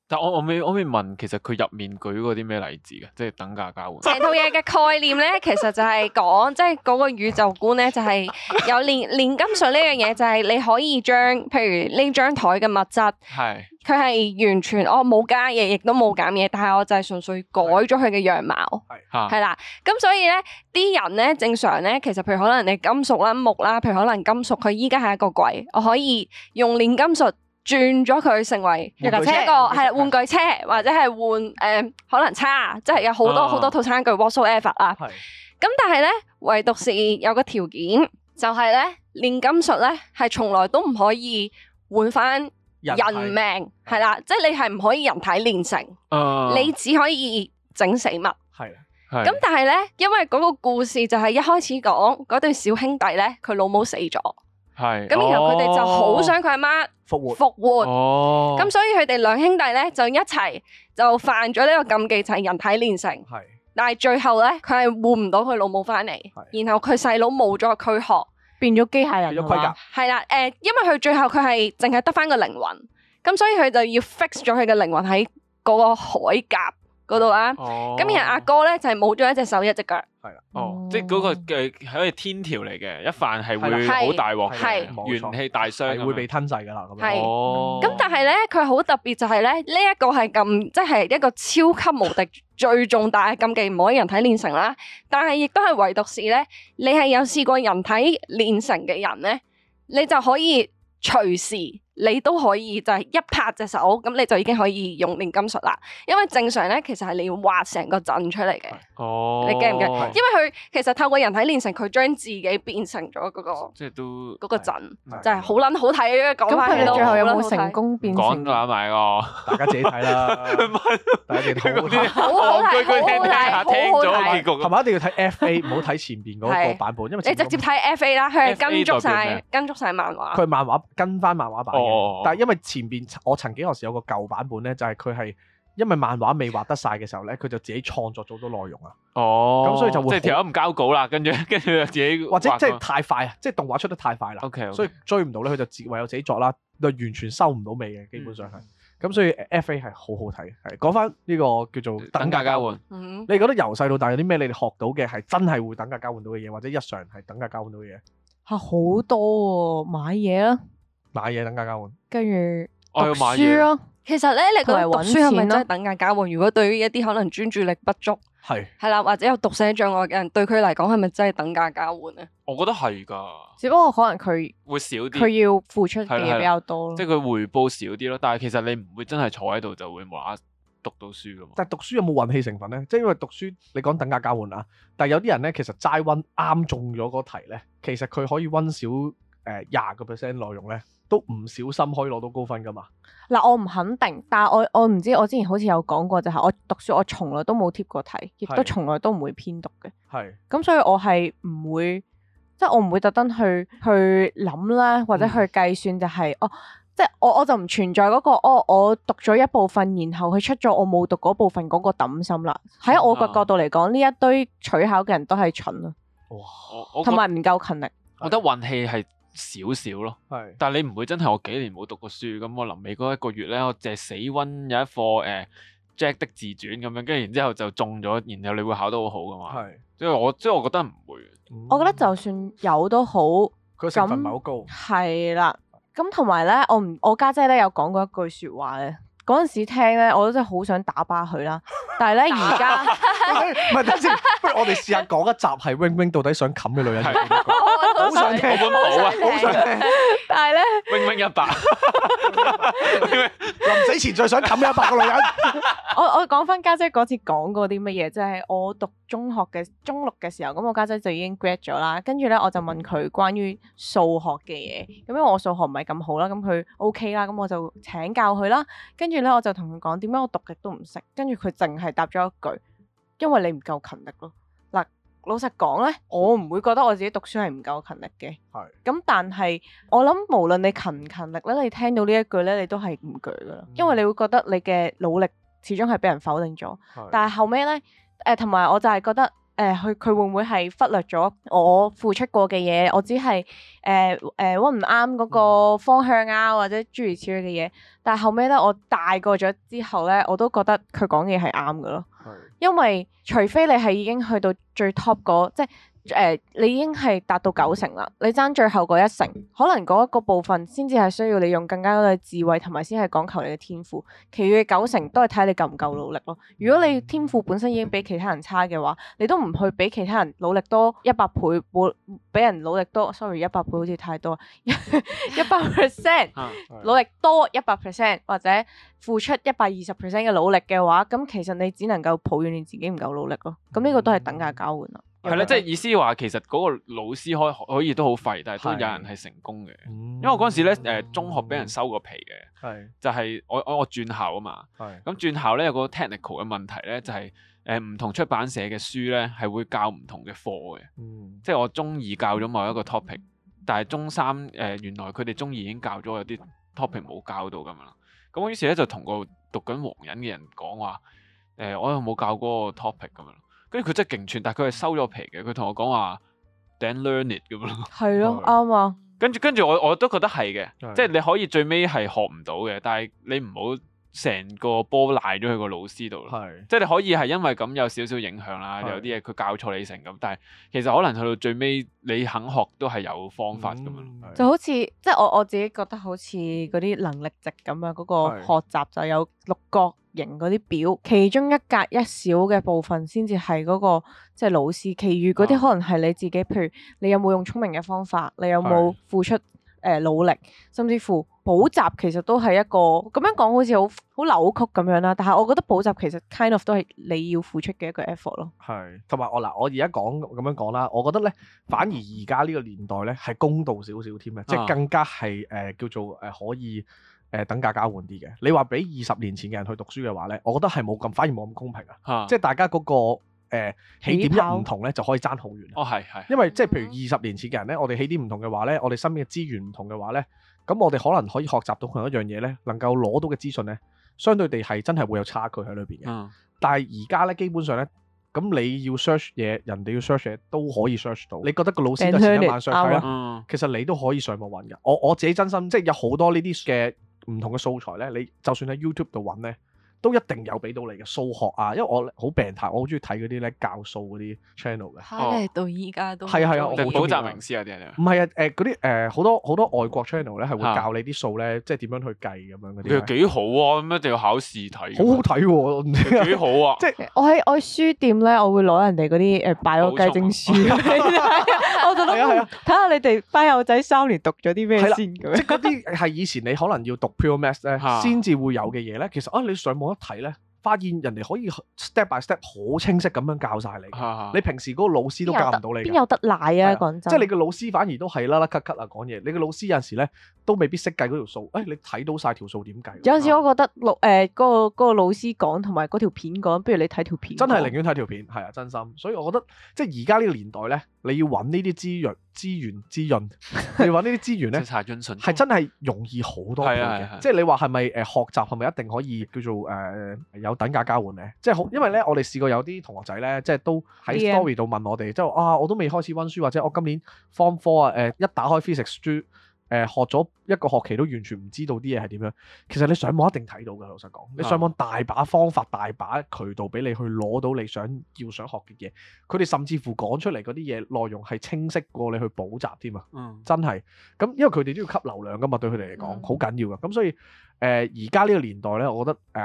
但係我可唔可以問，其實佢入面舉過啲咩例子嘅？即係等價交換。成套嘢嘅概念咧，其實就係講，即係嗰個宇宙觀咧，就係、是、有煉煉金術呢樣嘢，就係你可以將，譬如呢張台嘅物質，係是，佢係完全我冇、哦、加嘢，亦都冇減嘢，但係我就係純粹改咗佢嘅樣貌，係，係啦，咁所以咧，啲人咧正常咧，其實譬如可能你金屬啦、木啦，譬如可能金屬佢依家係一個鬼，我可以用煉金術。轉咗佢成為一架一個係玩具車，個具車或者係換誒可能差，即、就、係、是、有好多好、啊、多套餐具，Whatsoever 啦。咁是的 但係咧，唯獨是有個條件，就係咧煉金術咧係從來都唔可以換翻人命，係啦體，即係、就是、你係唔可以人體煉成，啊、你只可以整死物。係咁，但係咧，因為嗰個故事就係一開始講嗰對小兄弟咧，佢老母死咗，係咁的的然後佢哋就好想佢阿媽。復活，哦，咁所以佢哋兩兄弟咧就一齊就犯咗呢個禁忌，就係、是、人體煉成。係是，但係最後咧，佢係換唔到佢老母翻嚟。是然後佢細佬冇咗個軀殼，是變咗機械人，變咗盔甲。係啦，誒、呃，因為佢最後佢係淨係得翻個靈魂，咁所以佢就要 fix 咗佢嘅靈魂喺嗰個鎧甲，嗰度啊，咁噢而阿哥咧就係冇咗一隻手一隻腳。係啦的，哦噢，即係嗰個嘅係一個天條嚟嘅，一犯係會好的的大鑊，係元氣大傷，係會被吞噬噶啦。係噢，咁噢但係咧佢好特別就係咧呢一個係咁即係一個超級無敵 最重大嘅禁忌，唔可以人體練成啦。但係亦都係唯獨是咧，你係有試過人體練成嘅人咧，你就可以隨時。你都可以就係一拍隻手，咁你就已經可以用煉金術啦。因為正常咧，其實係你要畫成個陣出嚟嘅。哦，你驚唔驚？因為佢其實透過人體煉成，佢將自己變成咗嗰個，即係都嗰個陣，就係好撚好睇嘅講法。佢最後有冇成功變成？講埋大家自己睇啦。大家自己好好睇，好好睇，好好睇。係嘛？一定要睇 F A，唔好睇前邊嗰個版本，因為你直接睇 F A 啦。佢 A 跟足晒，跟足晒漫畫。佢漫畫跟翻漫畫版。但係因為前邊我曾經有時有個舊版本咧，就係佢係因為漫畫未畫得晒嘅時候咧，佢就自己創作咗好多內容啊。哦，咁所以就會即係條友唔交稿啦，跟住跟住自己或者即係太快啊，即係動畫出得太快啦。Okay, okay. 所以追唔到咧，佢就自唯有自己作啦，就完全收唔到尾嘅，基本上係咁。嗯、所以 F A 係好好睇，係講翻呢個叫做等價交換。交換嗯、你覺得由細到大有啲咩？你哋學到嘅係真係會等價交換到嘅嘢，或者日常係等價交換到嘅嘢？吓好、嗯、多、啊，買嘢啊。買嘢，等價交換，跟住讀書咯。哦、其實咧，你覺得書係咪真係等價交換？如果對於一啲可能專注力不足，係係啦，或者有讀寫障礙嘅人，對佢嚟講係咪真係等價交換咧？我覺得係噶，只不過可能佢會少啲，佢要付出嘅嘢比較多，即係佢回報少啲咯。但係其實你唔會真係坐喺度就會冇啦啦讀到書噶。但係讀書有冇運氣成分咧？即係因為讀書，你講等價交換啊。但係有啲人咧，其實齋溫啱中咗個題咧，其實佢可以溫少。誒，廿個 percent 內容咧，都唔小心可以攞到高分噶嘛？嗱，我唔肯定，但係我我唔知，我之前好似有講過就係，我讀書我從來都冇貼過題，亦都從來都唔會偏讀嘅。係咁是，所以我係唔會，即係我唔會特登去去諗啦，或者去計算就係、是嗯哦那個，哦，即係我我就唔存在嗰個，我我讀咗一部分，然後佢出咗我冇讀嗰部分嗰個抌心啦。喺我個角度嚟講，呢、嗯啊、一堆取巧嘅人都係蠢啊！哇，同埋唔夠勤力，我覺得運氣係。少少咯，係，但係你唔會真係我幾年冇讀過書，咁我臨尾嗰一個月咧，我淨係死溫有一課誒、呃、Jack 的自傳咁樣，跟住然之後就中咗，然後你會考得好好噶嘛？係是，即係我即係我覺得唔會、嗯，我覺得就算有都好，佢成分唔係好高，係啦，咁同埋咧，我唔，我家姐咧有講過一句說話咧，嗰陣時聽咧，我都真係好想打巴佢啦， 但係咧而家，係 不如我哋試下講一集係 Wing Wing 到底想冚嘅女人的是的 好想聽，好啊！好想聽，但係咧，明明一百，臨死前最想冚一百個女人。我我講翻家姐嗰次講過啲乜嘢，即係我讀中學嘅中六嘅時候，咁我家姐就已經 grad 咗啦。跟住咧，我就問佢關於數學嘅嘢，咁因為我數學唔係咁好啦，咁佢 OK 啦，咁我就請教佢啦。跟住咧，我就同佢講點解我讀極都唔識，跟住佢淨係答咗一句：因為你唔夠勤力咯。老實講咧，我唔會覺得我自己讀書係唔夠勤力嘅。係咁是，但係我諗，無論你勤唔勤力咧，你聽到呢一句咧，你都係唔鋸噶啦，嗯、因為你會覺得你嘅努力始終係俾人否定咗。是但係後尾咧，誒、呃，同埋我就係覺得，誒、呃，佢佢會唔會係忽略咗我付出過嘅嘢？我只係誒誒溫唔啱嗰個方向啊，或者諸如此類嘅嘢。但係後尾咧，我大個咗之後咧，我都覺得佢講嘢係啱噶咯。因為除非你係已經去到最 top 個，即係。誒、呃，你已經係達到九成啦，你爭最後嗰一成，可能嗰一個部分先至係需要你用更加多嘅智慧同埋先係講求你嘅天賦，其餘嘅九成都係睇你夠唔夠努力咯。如果你天賦本身已經比其他人差嘅話，你都唔去比其他人努力多一百倍，會比人努力多，sorry，一百倍好似太多，一百 percent 努力多一百 percent 或者付出一百二十 percent 嘅努力嘅話，咁其實你只能夠抱怨你自己唔夠努力咯。咁呢個都係等價交換啦。係咧，即係 Okay. 意思話，其實嗰個老師可可以都好廢，但係都有人係成功嘅。Mm hmm. 因為嗰陣時咧，誒、呃、中學俾人收過皮嘅，mm hmm. 就係我我我轉校啊嘛。咁、mm hmm. 轉校咧有個 technical 嘅問題咧，就係誒唔同出版社嘅書咧係會教唔同嘅課嘅。Mm hmm. 即係我中二教咗某一個 topic，但係中三誒、呃、原來佢哋中二已經教咗有啲 topic 冇教到咁樣啦。咁於是咧就同個讀緊黃仁嘅人講話，誒、呃、我又冇教嗰個 topic 咁樣。跟住佢真係勁串，但係佢係收咗皮嘅。佢同我講話，Then learn it 咁咯。係咯，啱啊。跟住跟住，我我都覺得係嘅，的即係你可以最尾係學唔到嘅，但係你唔好成個波賴咗去個老師度。係的，即係你可以係因為咁有少少影響啦，的有啲嘢佢教錯你成咁，但係其實可能去到最尾你肯學都係有方法咁樣。嗯、就好似即係我我自己覺得好似嗰啲能力值咁啊，嗰、嗰個學習就有六角。的型啲表，其中一格一小嘅部分先至係嗰個即係、就是、老師，其餘嗰啲可能係你自己。啊、譬如你有冇用聰明嘅方法，你有冇付出誒是、呃、努力，甚至乎補習其實都係一個咁樣講，好似好好扭曲咁樣啦。但係我覺得補習其實 kind of 都係你要付出嘅一個 effort 咯。係，同埋我嗱，我而家講咁樣講啦，我覺得咧反而而家呢個年代咧係公道少少添嘅，啊、即係更加係誒、呃、叫做誒可以。誒、呃、等價交換啲嘅，你話俾二十年前嘅人去讀書嘅話呢，我覺得係冇咁，反而冇咁公平啊！即係大家嗰、那個誒、呃、起點一唔同呢，就可以爭好遠。哦，係係。因為即係譬如二十年前嘅人呢，我哋起點唔同嘅話呢，我哋身邊嘅資源唔同嘅話呢，咁我哋可能可以學習到同一樣嘢呢，能夠攞到嘅資訊呢，相對地係真係會有差距喺裏邊嘅。嗯、但係而家呢，基本上呢，咁你要 search 嘢，人哋要 search 嘢都可以 search 到。你覺得個老師就前一晚 search、嗯、其實你都可以上網揾㗎。我我自己真心即係有好多呢啲嘅。唔同嘅素材咧，你就算喺 YouTube 度揾咧。都一定有俾到你嘅數學啊，因為我好病態，我好中意睇嗰啲咧教數嗰啲 channel 嘅。到依家都係啊，係啊，好普及名師啊？唔係啊，誒嗰啲誒好多好多外國 channel 咧係會教你啲數咧，啊、即係點樣去計咁樣嗰啲。幾好啊！咁一定要考試睇。好好睇喎，啊，幾、啊、好啊！即係 我喺我書店咧，我會攞人哋嗰啲誒百貨計證書，我就都睇下你哋班友仔三年讀咗啲咩先，即係嗰啲係以前你可能要讀 pure math 咧，先至會有嘅嘢咧，啊、其實啊，你上網。我一睇咧，發現人哋可以 step by step 好清晰咁樣教晒你。哈哈你平時嗰個老師都教唔到你。邊有，有得賴啊？講真，即係你個老師反而都係啦啦咳咳啊講嘢。你個老師有陣時咧都未必識計嗰條數。誒，你睇到晒條數點計？有陣時我覺得老誒嗰個老師講同埋嗰條片講，不如你睇條，條片。真係寧願睇條片，係啊，真心。所以我覺得即係而家呢個年代咧，你要揾呢啲資料。資源滋潤， 你話呢啲資源咧係真係容易好多嘅，即係你話係咪誒學習係咪一定可以叫做誒、呃、有等價交換嘅？即係好，因為咧我哋試過有啲同學仔咧，即係都喺 story 度問我哋，即係的啊我都未開始溫書，或者我今年 form four 啊誒一打開 physics 書。誒學咗一個學期都完全唔知道啲嘢係點樣，其實你上網一定睇到嘅。老實講，你上網大把方法、大把渠道俾你去攞到你想要想學嘅嘢。佢哋甚至乎講出嚟嗰啲嘢內容係清晰過你去補習添啊！嗯、真係。咁因為佢哋都要吸流量噶嘛，對佢哋嚟講好緊要㗎。咁、嗯、所以誒而家呢個年代呢，我覺得誒、呃、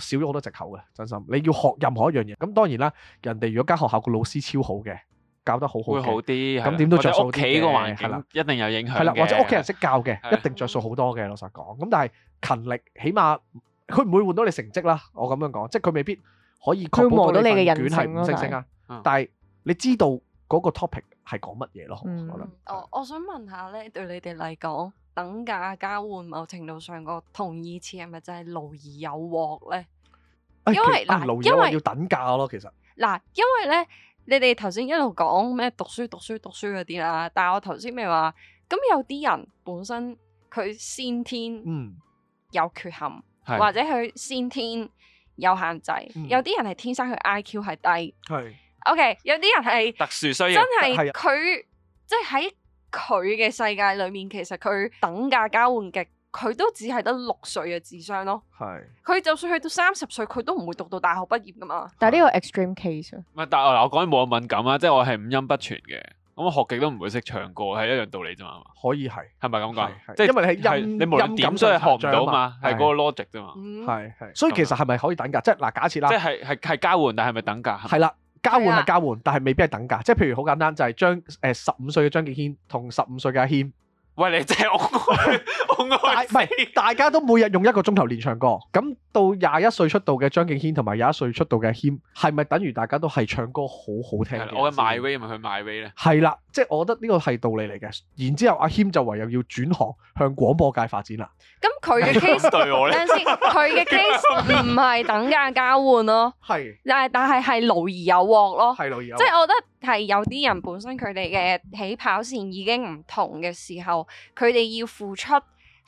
少咗好多藉口嘅，真心。你要學任何一樣嘢，咁當然啦，人哋如果間學校個老師超好嘅。搞得好好，會好啲。咁點都著數啲嘅。係啦，一定有影響嘅。係啦，或者屋企人識教嘅，一定著數好多嘅。老實講，咁但係勤力，起碼佢唔會換到你成績啦。我咁樣講，即係佢未必可以。佢磨到你嘅人緣係五星星啊，但係你知道嗰個 topic 係講乜嘢咯？我覺得。我我想問下咧，對你哋嚟講，等價交換某程度上個同義詞係咪就係勞而有獲咧？因為嗱，因為要等價咯，其實嗱，因為咧。你哋頭先一路講咩讀書讀書讀書嗰啲啦，但係我頭先咪話，咁有啲人本身佢先天嗯有缺陷，嗯、或者佢先天有限制，嗯、有啲人係天生佢 IQ 係低，係是 OK，有啲人係特殊需要，真係佢，即係喺佢嘅世界裏面，其實佢等價交換極。佢都只係得六歲嘅智商咯，係佢就算去到三十歲，佢都唔會讀到大學畢業㗎嘛。但係呢個 extreme case，唔係但係我講起冇咁敏感啊，即係我係五音不全嘅，咁我學極都唔會識唱歌，係一樣道理啫嘛。可以係係咪咁講？即係因為你音你音感，所以學唔到嘛，係嗰個 logic 啫嘛。係係，所以其實係咪可以等價？即係嗱，假設啦，即係係係交換，但係係咪等價？係啦，交換係交換，但係未必係等價。即係譬如好簡單，就係張誒十五歲嘅張敬軒同十五歲嘅阿軒。喂，你即係我我唔係，大家都每日用一個鐘頭練唱歌，咁到廿一歲出道嘅張敬軒同埋廿一歲出道嘅 Him，係咪等於大家都係唱歌好好聽？我嘅 my way 咪佢 my way 咧，係啦，即、就、係、是、我覺得呢個係道理嚟嘅。然之後阿、啊、Him 就唯有要轉行向廣播界發展啦。咁佢嘅 case 對我咧，佢嘅 case 唔係等價交換咯。係的，但係但係係勞而有穫咯。係勞而有，即係我覺得。係有啲人本身佢哋嘅起跑線已經唔同嘅時候，佢哋要付出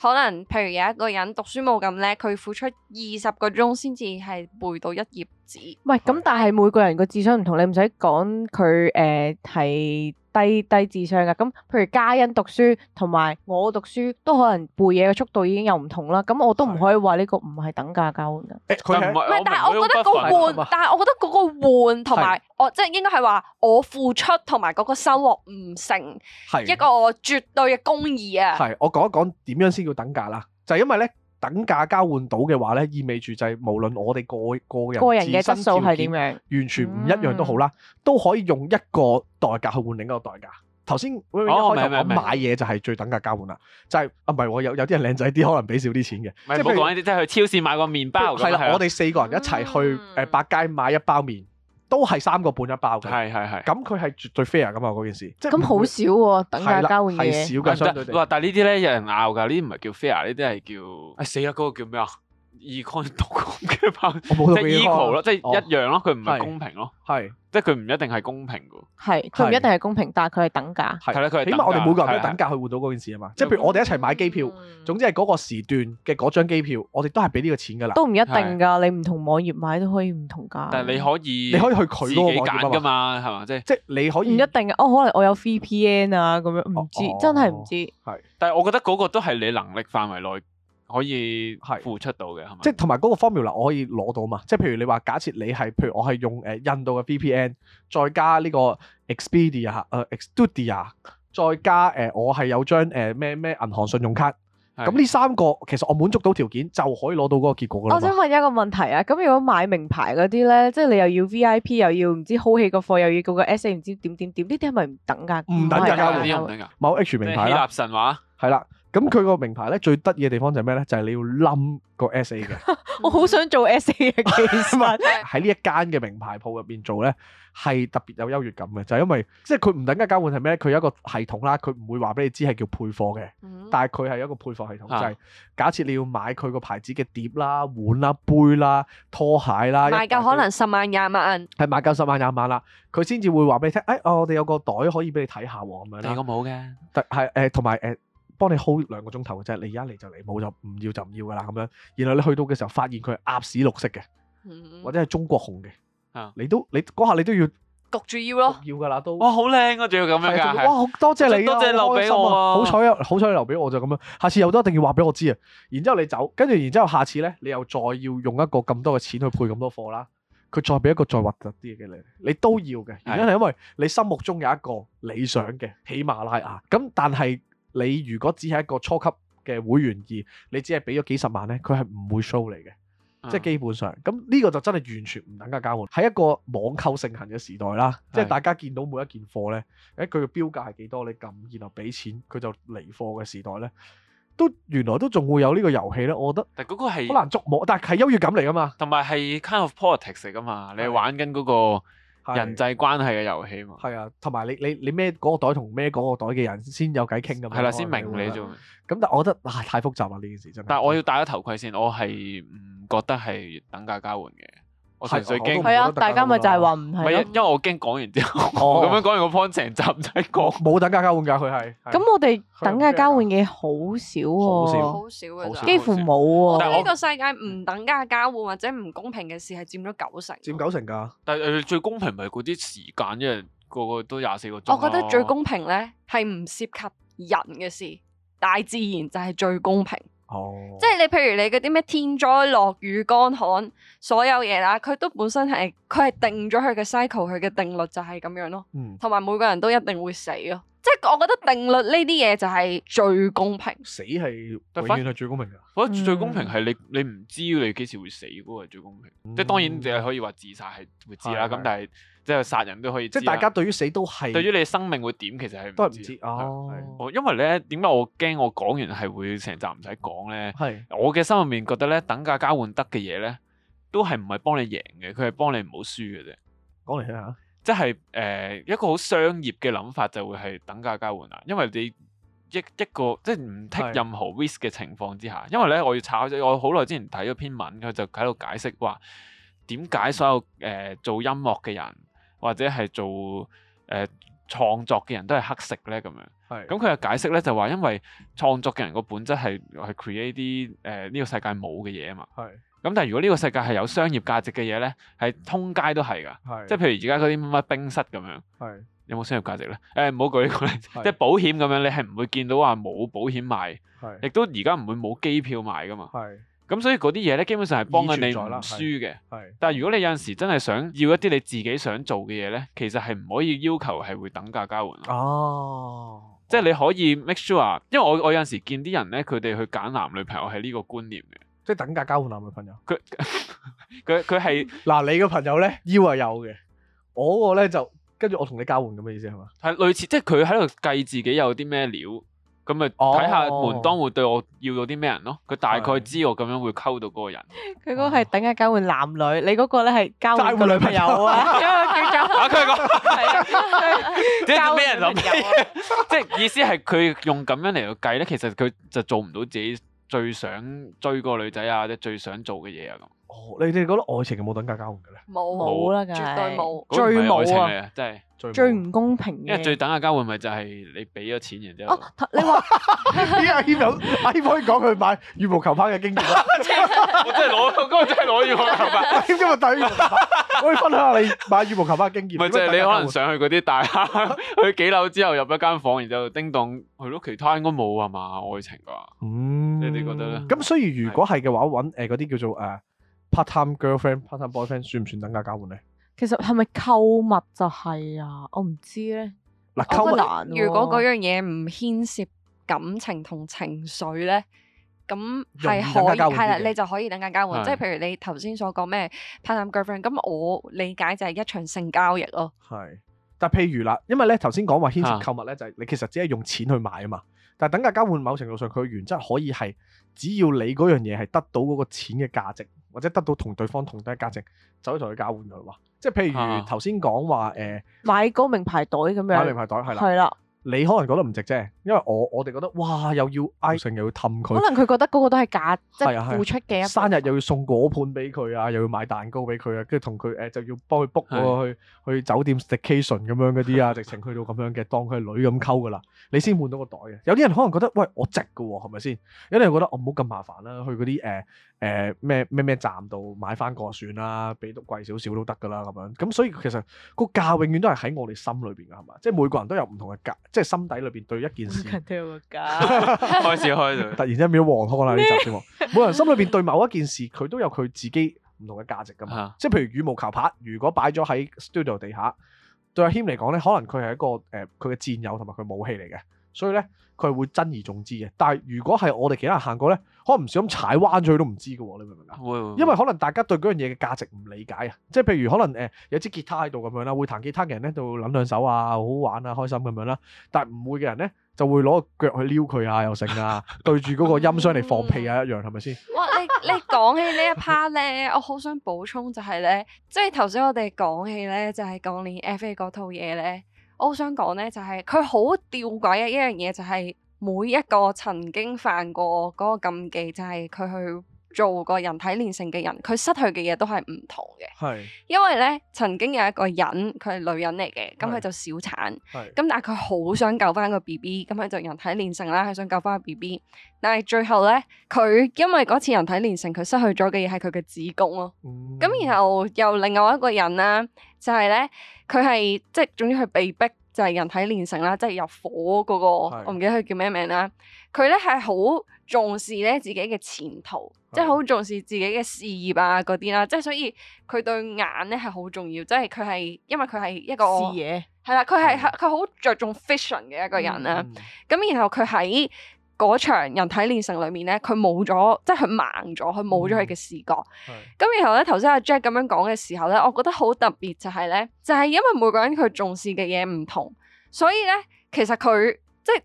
可能，譬如有一個人讀書冇咁叻，佢付出二十個鐘先至係背到一頁紙。唔係咁，但係每個人個智商唔同，你唔使講佢誒係。呃低低智商噶，咁譬如嘉欣讀書同埋我讀書，都可能背嘢嘅速度已經有唔同啦。咁我都唔可以話呢個唔係等價交換噶。唔係、欸，但係我覺得個換，但係我覺得嗰個換同埋我，即係應該係話我付出同埋嗰個收穫唔成一個絕對嘅公義啊。係，我講一講點樣先叫等價啦，就係因為咧。等價交換到嘅話咧，意味住就係無論我哋個個人自身條件係點樣完全唔一樣都好啦，嗯、都可以用一個代價去換另一個代價。頭先我一開頭講、哦、買嘢就係最等價交換啦，就係、是、啊唔係我有有啲人靚仔啲，可能俾少啲錢嘅，即係比如講一啲即係去超市買個麵包。係啦，對啊、我哋四個人一齊去誒百佳買一包麵，都係三個半一包嘅，係係係。咁佢係絕對 fair 噶嘛、啊、嗰件事，即係咁好少喎、啊，是等價交換嘢。係少嘅，哇！但係呢啲咧有人拗㗎，呢啲唔係叫 fair，呢啲係叫。哎、死啊！嗰、嗰個叫咩啊？equal 咁嘅包，即係 equal 咯，即係一樣咯，佢唔係公平咯，係，即係佢唔一定係公平噶，係，佢唔一定係公平，但係佢係等價，係啦，佢起碼我哋每個人都等價去換到嗰件事啊嘛，即係譬如我哋一齊買機票，總之係嗰個時段嘅嗰張機票，我哋都係俾呢個錢噶啦，都唔一定噶，你唔同網頁買都可以唔同價，但係你可以，你可以去佢自己揀噶嘛，係嘛，即係即係你可以，唔一定，哦，可能我有 VPN 啊咁樣，唔知，真係唔知，係，但係我覺得嗰個都係你能力範圍內。可以係付出到嘅，係咪？即係同埋嗰個 formula，我可以攞到嘛？即係譬如你話，假設你係譬如我係用誒印度嘅 VPN，再加呢個 Expedia、呃、誒 Expedia 再加誒、呃、我係有張誒咩咩銀行信用卡，咁呢是三個其實我滿足到條件，就可以攞到嗰個結果噶啦。我想問一個問題啊，咁如果買名牌嗰啲咧，即係你又要 VIP，又要唔知要好氣個貨，又要嗰個 SA 唔知點點點，呢啲係咪唔等㗎？唔等㗎，某 H 名牌，啊。希臘神話係啦。咁佢個名牌咧，最得意嘅地方就係咩咧？就係你要冧個 SA 嘅。我好想做 SA 嘅 c a 喺呢一間嘅名牌鋪入邊做咧，係特別有優越感嘅，就係、是、因為即係佢唔等價交換係咩？佢有一個系統啦，佢唔會話俾你知係叫配貨嘅。但係佢係一個配貨系統，嗯、就係假設你要買佢個牌子嘅碟啦、碗啦、杯啦、拖鞋啦，買夠可能十萬廿萬銀。係買夠十萬廿萬啦，佢先至會話俾你聽。誒，我哋有個袋可以俾你睇下喎，咁樣。我冇嘅，係、呃、誒，同埋誒。幫你 hold 兩個鐘頭嘅啫，你而家嚟就嚟，冇就唔要就唔要噶啦咁樣。然後你去到嘅時候，發現佢係鴨屎綠色嘅，嗯、或者係中國紅嘅，啊，你都你嗰下你都要焗住要咯，要噶啦都。哇，哦，好靚啊，仲要咁樣噶，啊。哇，好多謝你，多謝，你多謝留俾我、啊啊、我。好彩啊，好彩你留俾我就咁樣。下次有都一定要話俾我知啊。然之後你走，跟住然之後、後下次咧，你又再要用一個咁多嘅錢去配咁多貨啦。佢再俾一個再核突啲嘅你，你都要嘅。原因係因為你心目中有一個理想嘅喜馬拉雅，咁但係。你如果只係一個初級嘅會員，而你只係俾咗幾十萬呢，佢係唔會 show 你嘅，嗯、即係基本上。咁呢個就真係完全唔等價交換。喺一個網購盛行嘅時代啦，是 即係大家見到每一件貨呢，誒佢嘅標價係幾多，你撳然後俾錢，佢就嚟貨嘅時代呢，都原來都仲會有呢個遊戲呢。我覺得但，但係嗰個係好難捉摸，但係係優越感嚟㗎嘛，同埋係 kind of politics 嚟㗎嘛，你玩緊嗰、嗰個。人際關係嘅遊戲嘛，係啊，同埋你你你孭嗰個袋同孭嗰個袋嘅人先有偈傾㗎嘛，係啦，先明會會你啫。咁但係我覺得太複雜啦呢件事真係。但係我要戴咗頭盔先，我係唔覺得係等價交換嘅。我純粹驚係啊，大家咪就係話唔係，因為因為我驚講完之後，咁樣講完個方程集唔使講，冇等價交換佢係。咁我哋等價交換嘅好少喎，好少嘅，幾乎冇喎。呢個世界唔等價交換或者唔公平嘅事係佔咗九成。佔九成㗎，但係最公平唔係嗰啲時間，因為個個都廿四個鐘。我覺得最公平咧係唔涉及人嘅事，大自然就係最公平。哦、即係你，譬如你嗰啲咩天災、落雨、乾旱，所有嘢啦，佢都本身係佢係定咗佢嘅 cycle，佢嘅定律就係咁樣咯。同埋、嗯、每個人都一定會死咯。即係我覺得定律呢啲嘢就係最公平，死係永遠係最公平嘅。嗯、我覺得最公平係你你唔知你幾時會死嗰個係最公平。即係當然你係可以話自殺係會知啦，咁但係即係殺人都可以。即係大家對於死都係，對於你生命會點其實係都唔知哦。因為咧點解我驚我講完係會成集唔使講咧？係我嘅心入面覺得咧，等價交換得嘅嘢咧，都係唔係幫你贏嘅，佢係幫你唔好輸嘅啫。講嚟聽下。即係誒、呃、一個好商業嘅諗法就會係等價交換啦，因為你一一個即係唔 take 任何 risk 嘅情況之下，是因為咧我要炒，我好耐之前睇咗篇文，佢就喺度解釋話點解所有誒、呃、做音樂嘅人或者係做誒、呃、創作嘅人都係黑色咧咁樣。係咁佢嘅解釋咧就話因為創作嘅人個本質係係 create 啲誒呢、呃這個世界冇嘅嘢啊嘛。係。咁、嗯、但係如果呢個世界係有商業價值嘅嘢咧，係通街都係噶，即係是譬如而家嗰啲乜冰室咁樣，是有冇商業價值咧？誒、欸，唔好舉呢個，即係是保險咁樣，你係唔會見到話冇保險賣，亦是都而家唔會冇機票賣噶嘛。咁是、嗯、所以嗰啲嘢咧，基本上係幫緊你唔輸嘅。但係如果你有陣時真係想要一啲你自己想做嘅嘢咧，其實係唔可以要求係會等價交換。哦，即係、哦、你可以 make sure，因為我我有陣時見啲人咧，佢哋去揀男女朋友係呢個觀念嘅。即係等價交換男女朋友，佢佢佢係嗱你嘅朋友咧，腰係有嘅，我個咧就跟住我同你交換，咁嘅意思係嘛？係類似，即係佢喺度計自己有啲咩料，咁咪睇下門當戶對我要到啲咩人咯。佢大概知我咁樣會溝到嗰個人。佢嗰個係等價交換男女，你嗰個咧係交換女朋友啊？因為佢交換，交咩人就即係意思係佢用咁樣嚟去計咧，其實佢就做唔到自己。最想追個女仔啊，或者最想做嘅嘢啊咁。你哋覺得愛情係冇等價交換嘅咧？冇冇啦，絕對冇，最愛情啊！真係最最唔公平嘅。因為最等價交換咪就係你俾咗錢，然之後你話：，阿 Him 有，阿 Him 可以講佢買羽毛球拍嘅經驗。我真係攞，我今日真係攞羽毛球拍。阿 Him 今日第一，我可以分享下你買羽毛球拍經驗。唔係，就係你可能上去嗰啲大廈，去幾樓之後入一間房，然之後叮當係咯，其他應該冇係嘛？愛情啩？嗯，你哋覺得咧？咁所以如果係嘅話，揾誒嗰啲叫做誒。part-time girlfriend part、part-time boyfriend 算唔算等價交換咧？其實係咪購物就係啊？我唔知咧。嗱啦，購物、啊、如果嗰樣嘢唔牽涉感情同情緒咧，咁係可以係啦，你就可以等價交換。是即係譬如你頭先所講咩 part-time girlfriend，咁我理解就係一場性交易咯。係，但譬如啦，因為咧頭先講話牽涉購物咧，是就係你其實只係用錢去買啊嘛。但係等價交換某程度上，佢嘅原則可以係，只要你嗰樣嘢係得到嗰個錢嘅價值，或者得到同對方同等嘅價值，就可以同佢交換佢話。即係譬如頭先講話誒，啊呃、買嗰名牌袋咁樣，買名牌袋係啦，係啦。你可能覺得唔值啫，因為我我哋覺得哇，又要愛盛又要氹佢。可能佢覺得嗰個都係假，即係、啊啊、付出嘅生日又要送果盤俾佢啊，又要買蛋糕俾佢啊，跟住同佢誒就要幫佢 book 去的去，去酒店 staycation 咁樣嗰啲啊，的直情去到咁樣嘅，當佢係女咁溝噶啦，你先換到個袋啊。 有啲人可能覺得喂我值㗎喎，係咪先？有啲人覺得我唔好咁麻煩啦，去嗰啲誒。呃誒咩咩咩站度買翻個算啦，比都貴少少都得噶啦咁樣，咁所以其實個價永遠都係喺我哋心裏邊噶，係嘛？即係每個人都有唔同嘅價，即係心底裏邊對一件事，都有個價 開始開咗。 突然一秒黃康啦，呢集節每人心裏邊對某一件事，佢都有佢自己唔同嘅價值噶嘛。 即係譬如羽毛球拍，如果擺咗喺 studio 地下，對阿 Him 嚟講咧，可能佢係一個誒佢嘅戰友同埋佢武器嚟嘅。所以咧，佢係會珍而重之嘅。但係如果係我哋其他人行過咧，可能唔小心踩彎咗佢都唔知嘅喎，你明唔明啊？會，因為可能大家對嗰樣嘢嘅價值唔理解啊。即係譬如可能誒、呃、有支吉他喺度咁樣啦，會彈吉他嘅人咧就諗兩手啊，好好玩啊，開心咁樣啦。但係唔會嘅人咧就會攞個腳去撩佢啊，又成啊， 對住嗰個音箱嚟放屁啊一樣，係咪先？哇！你你講起一呢一 part 咧，我好想補充就係咧，即係頭先我哋講起咧，就係講連 F A 嗰套嘢咧。我想講咧，就係佢好吊詭嘅一樣嘢，就係每一個曾經犯過嗰個禁忌，就係佢去做過人體煉成嘅人，佢失去嘅嘢都係唔同嘅。係是，因為咧曾經有一個人，佢係女人嚟嘅，咁佢就小產。係是，咁但係佢好想救翻個 B B，咁佢就人體煉成啦，佢想救翻個 B B。但係最後咧，佢因為嗰次人體煉成，佢失去咗嘅嘢係佢嘅子宮咯。咁、嗯、然後又另外一個人啦、啊，就係、是、咧。佢係即係，總之佢被逼就係人體煉成啦，即係入火嗰個，我唔記得佢叫咩名啦。佢咧係好重視咧自己嘅前途，即係好重視自己嘅事業啊嗰啲啦，即係所以佢對眼咧係好重要，即係佢係因為佢係一個事業係啦，佢係佢好着重 fashion 嘅一個人啦。咁然後佢喺。嗰場人體煉成裏面咧，佢冇咗，即係佢盲咗，佢冇咗佢嘅視覺。咁、嗯、然後咧，頭先阿 Jack 咁樣講嘅時候咧，我覺得好特別就係、是、咧，就係、是、因為每個人佢重視嘅嘢唔同，所以咧其實佢即係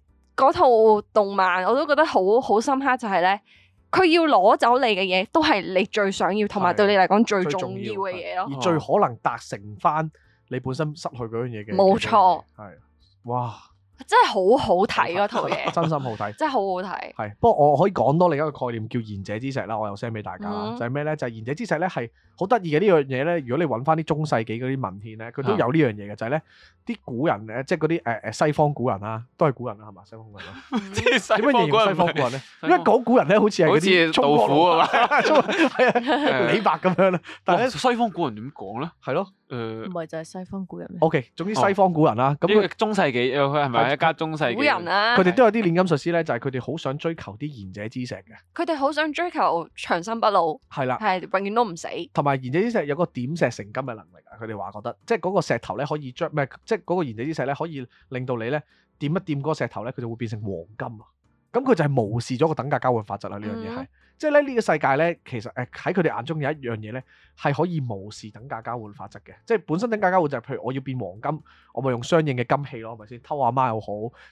嗰套動漫我都覺得好好深刻、就是，就係咧，佢要攞走你嘅嘢，都係你最想要，同埋對你嚟講最重要嘅嘢咯，而最可能達成翻你本身失去嗰樣嘢嘅。冇錯，係哇。真係好好睇嗰套嘢， 真心好睇，真係好好睇。係， 不過我可以講多另一個概念叫賢者之石啦，我又 send 俾大家啦、嗯。就係咩咧？就係賢者之石咧，係好得意嘅呢樣嘢咧。如果你揾翻啲中世紀嗰啲文獻咧，佢都有呢樣嘢嘅。就係咧，啲古人咧，即係嗰啲誒誒西方古人啦，都係古人啦，係嘛？西方人囉、即係點解形容西方古人咧？因為講古人咧，好似係啲杜甫啊嘛，係啊，李白咁樣啦。但係咧，西方古人點講咧？係咯、嗯。誒，唔係、嗯、就係西方古人。OK，總之西方古人啦，咁佢、哦、中世紀，佢係咪一家中世古人啦、啊，佢哋都有啲煉金術師咧，就係佢哋好想追求啲賢者之石嘅。佢哋好想追求長生不老，係啦的，係永遠都唔死。同埋賢者之石有個點石成金嘅能力啊，佢哋話覺得，即係嗰個石頭咧可以將咩，即係嗰個賢者之石咧可以令到你咧點一掂嗰個石頭咧，佢就會變成黃金啊。咁佢就係無視咗個等價交換法則啦，呢樣嘢係。即係咧呢、這個世界咧，其實誒喺佢哋眼中有一樣嘢咧，係可以無視等價交換法則嘅。即係本身等價交換就係、是，譬如我要變黃金，我咪用相應嘅金器咯，係咪先？偷阿媽又好，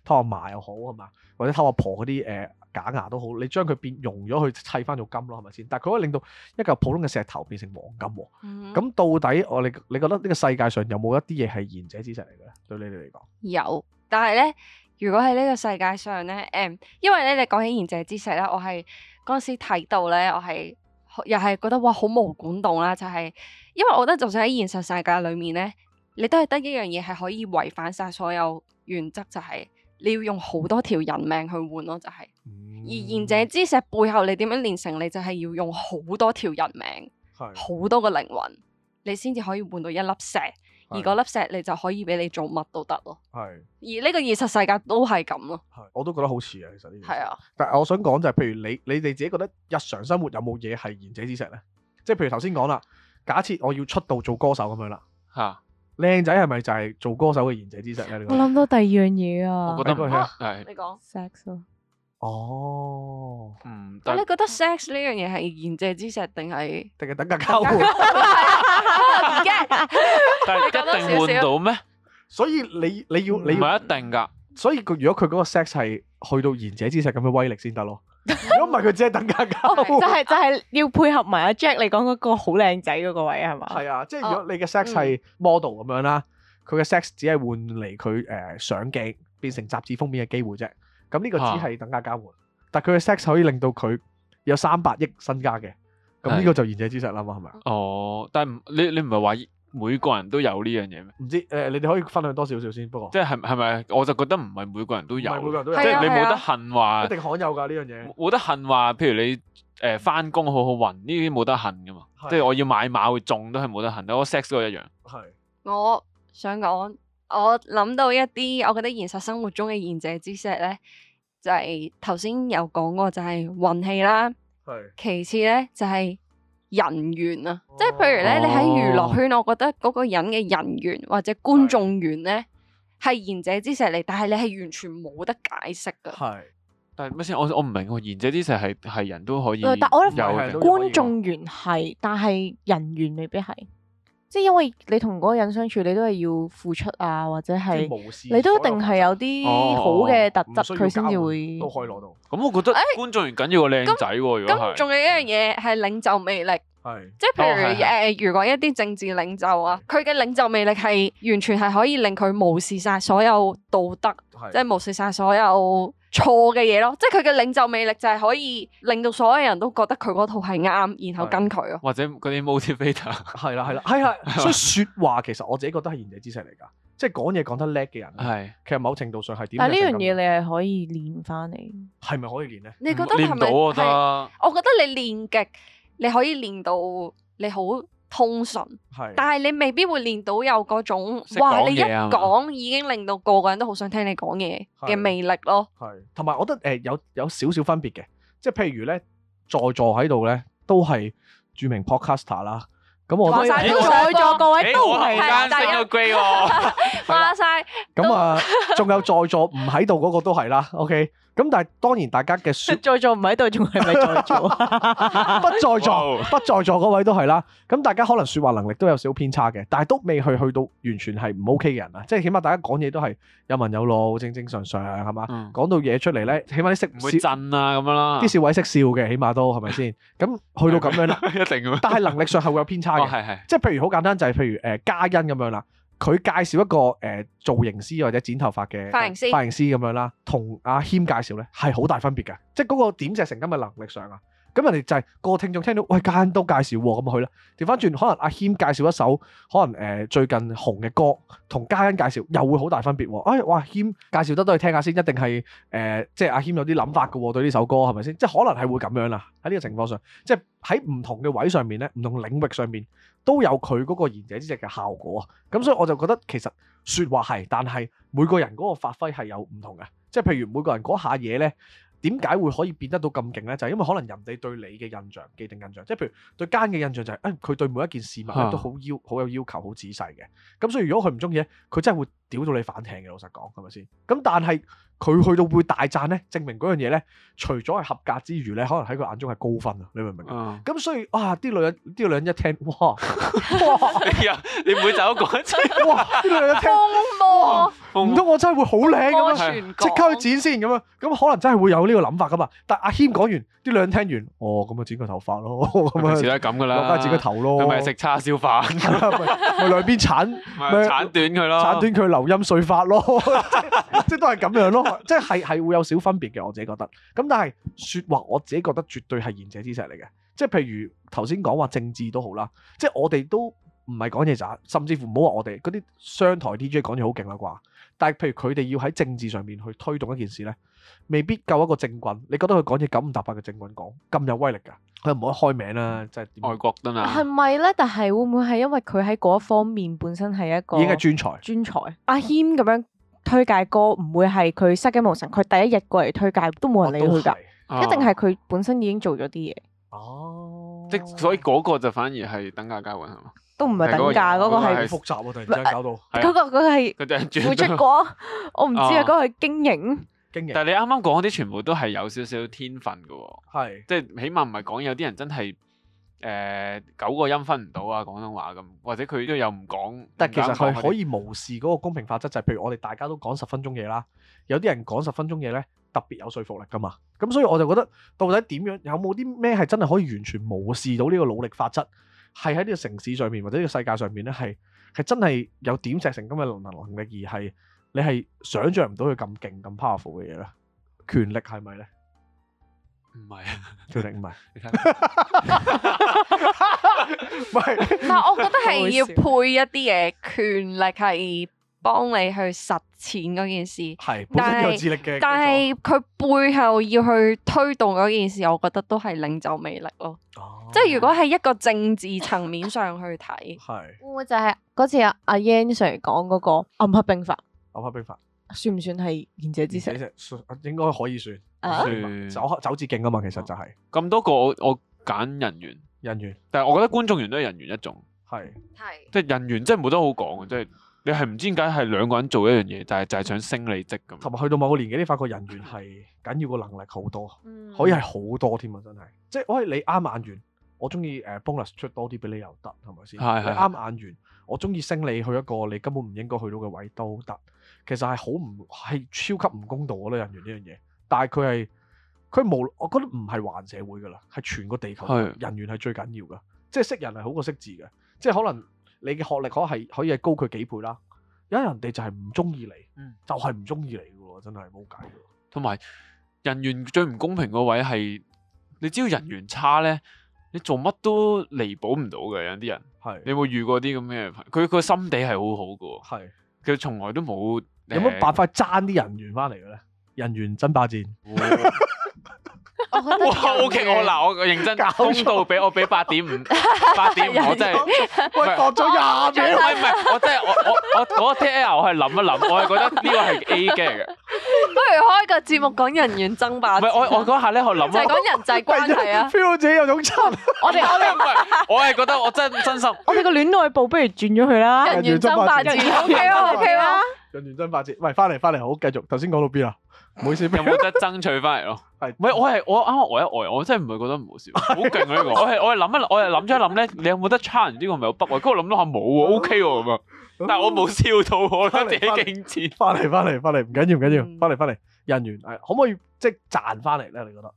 偷阿嫲又好，係嘛？或者偷阿婆嗰啲誒假牙都好，你將佢變融咗，去砌翻做金咯，係咪先？但係佢可以令到一嚿普通嘅石頭變成黃金。咁、嗯、到底我哋，你覺得呢個世界上有冇一啲嘢係賢者之石嚟嘅咧？對你哋嚟講，有。但係咧，如果喺呢個世界上咧，誒、嗯，因為咧你講起賢者之石咧，我係。嗰時睇到咧，我係又係覺得哇，好無管動啦！就係因為我覺得，就算喺現實世界裏面咧，你都係得一樣嘢係可以違反晒所有原則，就係你要用好多條人命去換咯，就係。而賢者之石背後，你點樣煉成？你就係要用好多條人命，好是的 多個靈魂，你先至可以換到一粒石。而嗰粒石你就可以俾你做乜都得咯，係。是的 而呢個現實世界都係咁咯，係。我都覺得好似啊，其實呢樣。係啊，是的 但係我想講就係、是，譬如你你哋自己覺得日常生活有冇嘢係賢者之石咧？即係譬如頭先講啦，假設我要出道做歌手咁樣啦，嚇，靚仔係咪就係做歌手嘅賢者之石咧？我諗到第二樣嘢啊，嚇， 我覺得係，你講 sex 咯。哦，唔，咁你覺得 sex 呢樣嘢係賢者之石定係定係等價交換？ 但係你一定換到咩？所以你你要你唔係一定噶，所以佢如果佢嗰個 sex 係去到賢者之石咁嘅威力先得咯。如果唔係，佢只係等價交換。就係、是、就係、是、要配合埋阿、啊、Jack 你講嗰個好靚仔嗰個位係嘛？係啊，即係如果你嘅 sex 係 model 咁樣啦，佢嘅 sex 只係換嚟佢誒上鏡變成雜誌封面嘅機會啫。咁呢個只係等價交換，但佢嘅 sex 可以令到佢有三百億身家嘅，咁呢個就賢者之石啦嘛，係咪？哦，但唔你你唔係話每個人都有呢樣嘢咩？唔知誒，你哋可以分享多少少先，不過即係係咪？我就覺得唔係每個人都有，即係你冇得恨話，一定罕有㗎呢樣嘢。冇得恨話，譬如你誒返工好好運，呢啲冇得恨㗎嘛。即係我要買馬會中都係冇得恨，我 sex 都一樣。係。我想講。我諗到一啲，我覺得現實生活中嘅賢者之石咧，就係頭先有講過就運氣是，就係運氣啦。係。其次咧就係人緣啊，哦、即係譬如咧，哦、你喺娛樂圈，我覺得嗰個人嘅人緣或者觀眾緣咧係賢者之石嚟，但係你係完全冇得解釋噶。係。但係乜先？我我唔明喎，賢者之石係係人都可以，但我覺得有觀眾緣係，但係人緣未必係。即係因為你同嗰個人相處，你都係要付出啊，或者係你都一定係有啲好嘅特質，佢先至會都可以攞到。咁我、哎、覺得觀眾員緊要個靚仔喎。咁、哎，仲有一樣嘢係領袖魅力，係即係譬如誒，如果一啲政治領袖啊，佢嘅是領袖魅力係完全係可以令佢無視晒所有道德，即係是無視晒所有。錯嘅嘢咯，即係佢嘅領袖魅力就係可以令到所有人都覺得佢嗰套係啱，然後跟佢咯。或者嗰啲 motivator，係啦係 啦係啦， 所以說話其實我自己覺得係賢者之石嚟噶，即係講嘢講得叻嘅人係，的其實某程度上係點？但呢樣嘢你係可以練翻嚟，係咪可以練咧？你覺得練唔到我，我覺得你練極，你可以練到你好。通順，但係你未必會練到有嗰種，哇！你一講已經令到個個人都好想聽你講嘢嘅魅力咯。係，同埋我覺得誒，有有少少分別嘅，即係譬如咧，在座喺度咧都係著名 podcaster 啦。咁我都，在座各位都係，大家 great 喎，話晒。咁啊，仲有在座唔喺度嗰個都係啦。OK。咁但係當然大家嘅，說在座唔喺度，仲係咪在座？ 不在座，Wow. 不在座嗰位都係啦。咁大家可能說話能力都有少少偏差嘅，但係都未去去到完全係唔 OK 嘅人啊。即係起碼大家講嘢都係有文有路，正正常常係嘛。講、嗯、到嘢出嚟咧，起碼你識唔會震啊咁少樣啦。啲小偉識笑嘅，起碼都係咪先？咁 去到咁樣啦， 一定的。但係能力上係會有偏差嘅， 哦、 即係譬如好簡單就係譬如誒嘉欣咁樣啦。佢介紹一個誒、呃、造型師或者剪頭髮嘅髮型師髮型師咁樣啦，同阿謙介紹咧係好大分別嘅，即係嗰個點石成金嘅能力上啊。咁人哋就係個聽眾聽到，喂嘉欣都介紹喎，咁去啦。調翻轉，可能阿謙介紹一首，可能誒、呃、最近紅嘅歌，同嘉欣介紹，又會好大分別喎。哎，哇謙介紹得都去聽下先，一定係誒、呃，即係阿謙有啲諗法嘅喎，對呢首歌係咪先？即係可能係會咁樣啦。喺呢個情況上，即係喺唔同嘅位上面咧，唔同領域上面都有佢嗰個賢者之石嘅效果。咁所以我就覺得其實説話係，但係每個人嗰個發揮係有唔同嘅。即係譬如每個人嗰下嘢咧。點解會可以變得到咁勁呢？就係、因為可能人哋對你嘅印象、既定印象，即係譬如對奸嘅印象就係，誒佢對每一件事物都好要、好有要求、好仔細嘅。咁所以如果佢唔中意咧，佢真係會。屌到你反艇嘅，老實講，係咪先？咁但係佢去到會大讚咧，證明嗰樣嘢咧，除咗係合格之餘咧，可能喺佢眼中係高分啊！你明唔明？嗯。咁所以啊，啲女人，啲女人一聽，哇！你唔會就咁講啫？哇！啲女人一聽，唔通我真係會好靚咁啊？即刻去剪先咁樣，咁可能真係會有呢個諗法㗎嘛。但阿謙講完，啲女人聽完，哦，咁啊剪個頭髮咯，咁 啊，始終咁噶啦，落低自己頭咯，佢咪食叉燒飯， 兩邊鏟，鏟 短佢咯，鏟短佢留。流音稅法咯，即係 都係咁樣咯，即係係會有少分別嘅，我自己覺得。咁但係說話，我自己覺得絕對係賢者之石嚟嘅。即係譬如頭先講話政治都好啦，即係我哋都唔係講嘢咋，甚至乎唔好話我哋嗰啲商台 DJ 講嘢好勁啦啩。但係譬如佢哋要喺政治上面去推動一件事呢，未必夠一個政棍。你覺得佢講嘢九唔搭八嘅政棍講咁有威力㗎？佢唔可以開名啦，即係外國真係。係咪咧？但係會唔會係因為佢喺嗰一方面本身係一個已經係專才。專才阿謙咁樣推介歌，唔會係佢失驚無神，佢第一日過嚟推介都冇人理佢㗎，一定係佢本身已經做咗啲嘢。哦，即所以嗰個就反而係等價交換係嘛？都唔係等價，嗰個係複雜啊！突然之間搞到嗰個佢係會出歌，我唔知啊，嗰個係經營。但係你啱啱講嗰啲全部都係有少少天分嘅喎，哦，即係是起碼唔係講有啲人真係誒、呃、九個音分唔到啊廣東話咁，或者佢都有唔講。但其實佢可以無視嗰個公平法則，就係譬如我哋大家都講十分鐘嘢啦，有啲人講十分鐘嘢咧特別有說服力噶嘛。咁所以我就覺得到底點樣有冇啲咩係真係可以完全無視到呢個努力法則，係喺呢個城市上面或者呢個世界上面咧係係真係有點石成金嘅能力，而係。你係想象唔到佢咁勁、咁 powerful 嘅嘢啦，權力係咪咧？唔係啊，權力唔係。唔係，但係我覺得係要配一啲嘢，權力係幫你去實踐嗰件事。係，本身有智力嘅，但係佢背後要去推動嗰件事，我覺得都係領袖魅力咯。Oh. 即係如果係一個政治層面上去睇，會唔會就係嗰次阿阿 Yan Sir 講嗰個暗黑兵法？《破算唔算係賢者之石？應該可以算，算走走捷徑噶嘛。其實就係咁、啊、多個我我揀人緣，人緣員。但係我覺得觀眾緣都係人緣一種，係係即係人緣，真係冇得好講嘅。即係你係唔知點解係兩個人做一樣嘢，但係就係想升你職咁。同埋去到某個年紀，你發覺人緣係緊要個能力好多，可以係好多添啊！真係即係，可以你啱眼緣，我中意誒 bonus 出多啲俾你又得，係咪先？係係你啱眼緣，我中意升你去一個你根本唔應該去到嘅位都得。其實係好唔係超級唔公道嘅咧，人緣呢樣嘢。但係佢係佢冇，我覺得唔係還社會噶啦，係全個地球人緣係最緊要噶是。即係識人係好過識字嘅。即係可能你嘅學歷可係可以係高佢幾倍啦。有啲人哋就係唔中意你，嗯、就係唔中意你嘅，真係冇計。同埋人緣最唔公平嘅位係，你只要人緣差呢，你做乜都彌補唔到嘅。有啲人係，是你有冇遇過啲咁嘅？佢佢心地係好好嘅，係佢從來都冇。有冇辦法爭啲人員翻嚟嘅咧？人員爭霸戰，我後期我嗱我認真，公道俾我俾八點五，八點五我真係，我落咗廿秒，喂唔係，我真係我我我我 TL 我係諗一諗，我係覺得呢個係 A 嘅。不如開個節目講人員爭霸，唔係我我嗰下咧，我諗就係講人際關係啊。feel 自己有種我哋我哋唔係，我係覺得我真係真心。我哋個戀愛部不如轉咗去啦，人員爭霸戰，O K O K 啦。用完真八折，喂，翻嚟翻嚟好，繼續頭先講到邊啊？唔好意思，有冇得爭取翻嚟咯？係，唔係我係我啱啱呆一呆，我真係唔係覺得唔好笑，好勁啊呢個！我係我係諗一諗，我係諗咗一諗咧，你有冇得 challenge 呢個唔係有筆？不過我諗到下冇喎，OK 喎咁樣！但係我冇笑到我覺得自己驚錢，翻嚟翻嚟翻嚟，唔緊要唔緊要，翻嚟翻嚟人緣係可唔可以即係賺翻嚟咧？你覺得？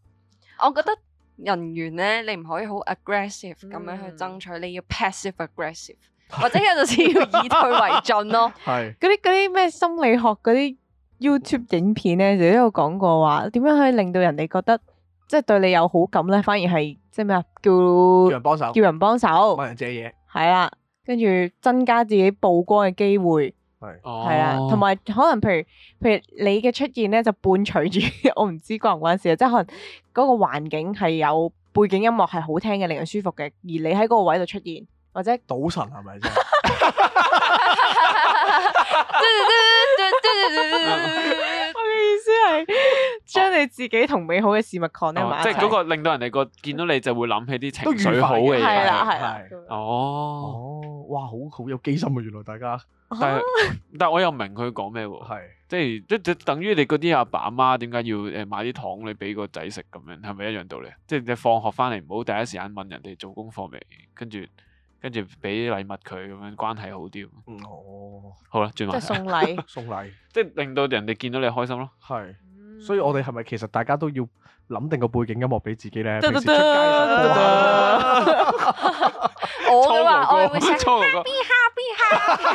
我覺得人緣咧，你唔可以好 aggressive 咁樣去爭取，你要 passive aggressive。 或者有陣時要以退為進咯，係嗰啲嗰啲咩心理學嗰啲 YouTube 影片咧，就都有講過話點樣可以令到人哋覺得即係、即係、對你有好感咧，反而係即係咩啊？叫人幫手，叫人幫手，叫人幫問人借嘢，係啦，跟住增加自己曝光嘅機會，係係啦，同埋對、啊、可能譬如譬如你嘅出現咧， 就伴隨住我唔知關唔關事啊，即係可能嗰個環境係有背景音樂係好聽嘅，令人舒服嘅，而你喺嗰個位度出現。或者賭神係咪先？ 我嘅意思係將你自己同美好嘅事物 connect 埋一齊，即係嗰個令到人哋個見到你就會諗起啲情緒好嘅嘢。係啦係。哦哦，哇好好有機心啊！原來大家，哦、但係但係我又唔明佢講咩喎？ 即係即即等於你嗰啲阿爸阿媽點解要誒買啲糖你俾個仔食咁樣，係咪一樣道理啊？即係你放學翻嚟唔好第一時間問人哋做功課未，跟住，跟住俾禮物佢，咁樣關係好啲。哦，好啦，轉埋送禮，送禮，即係令到人哋見到你開心咯。係，所以我哋係咪其實大家都要諗定個背景音樂俾自己咧？平時出街，我哋話我哋會唱 B 哈 B 哈。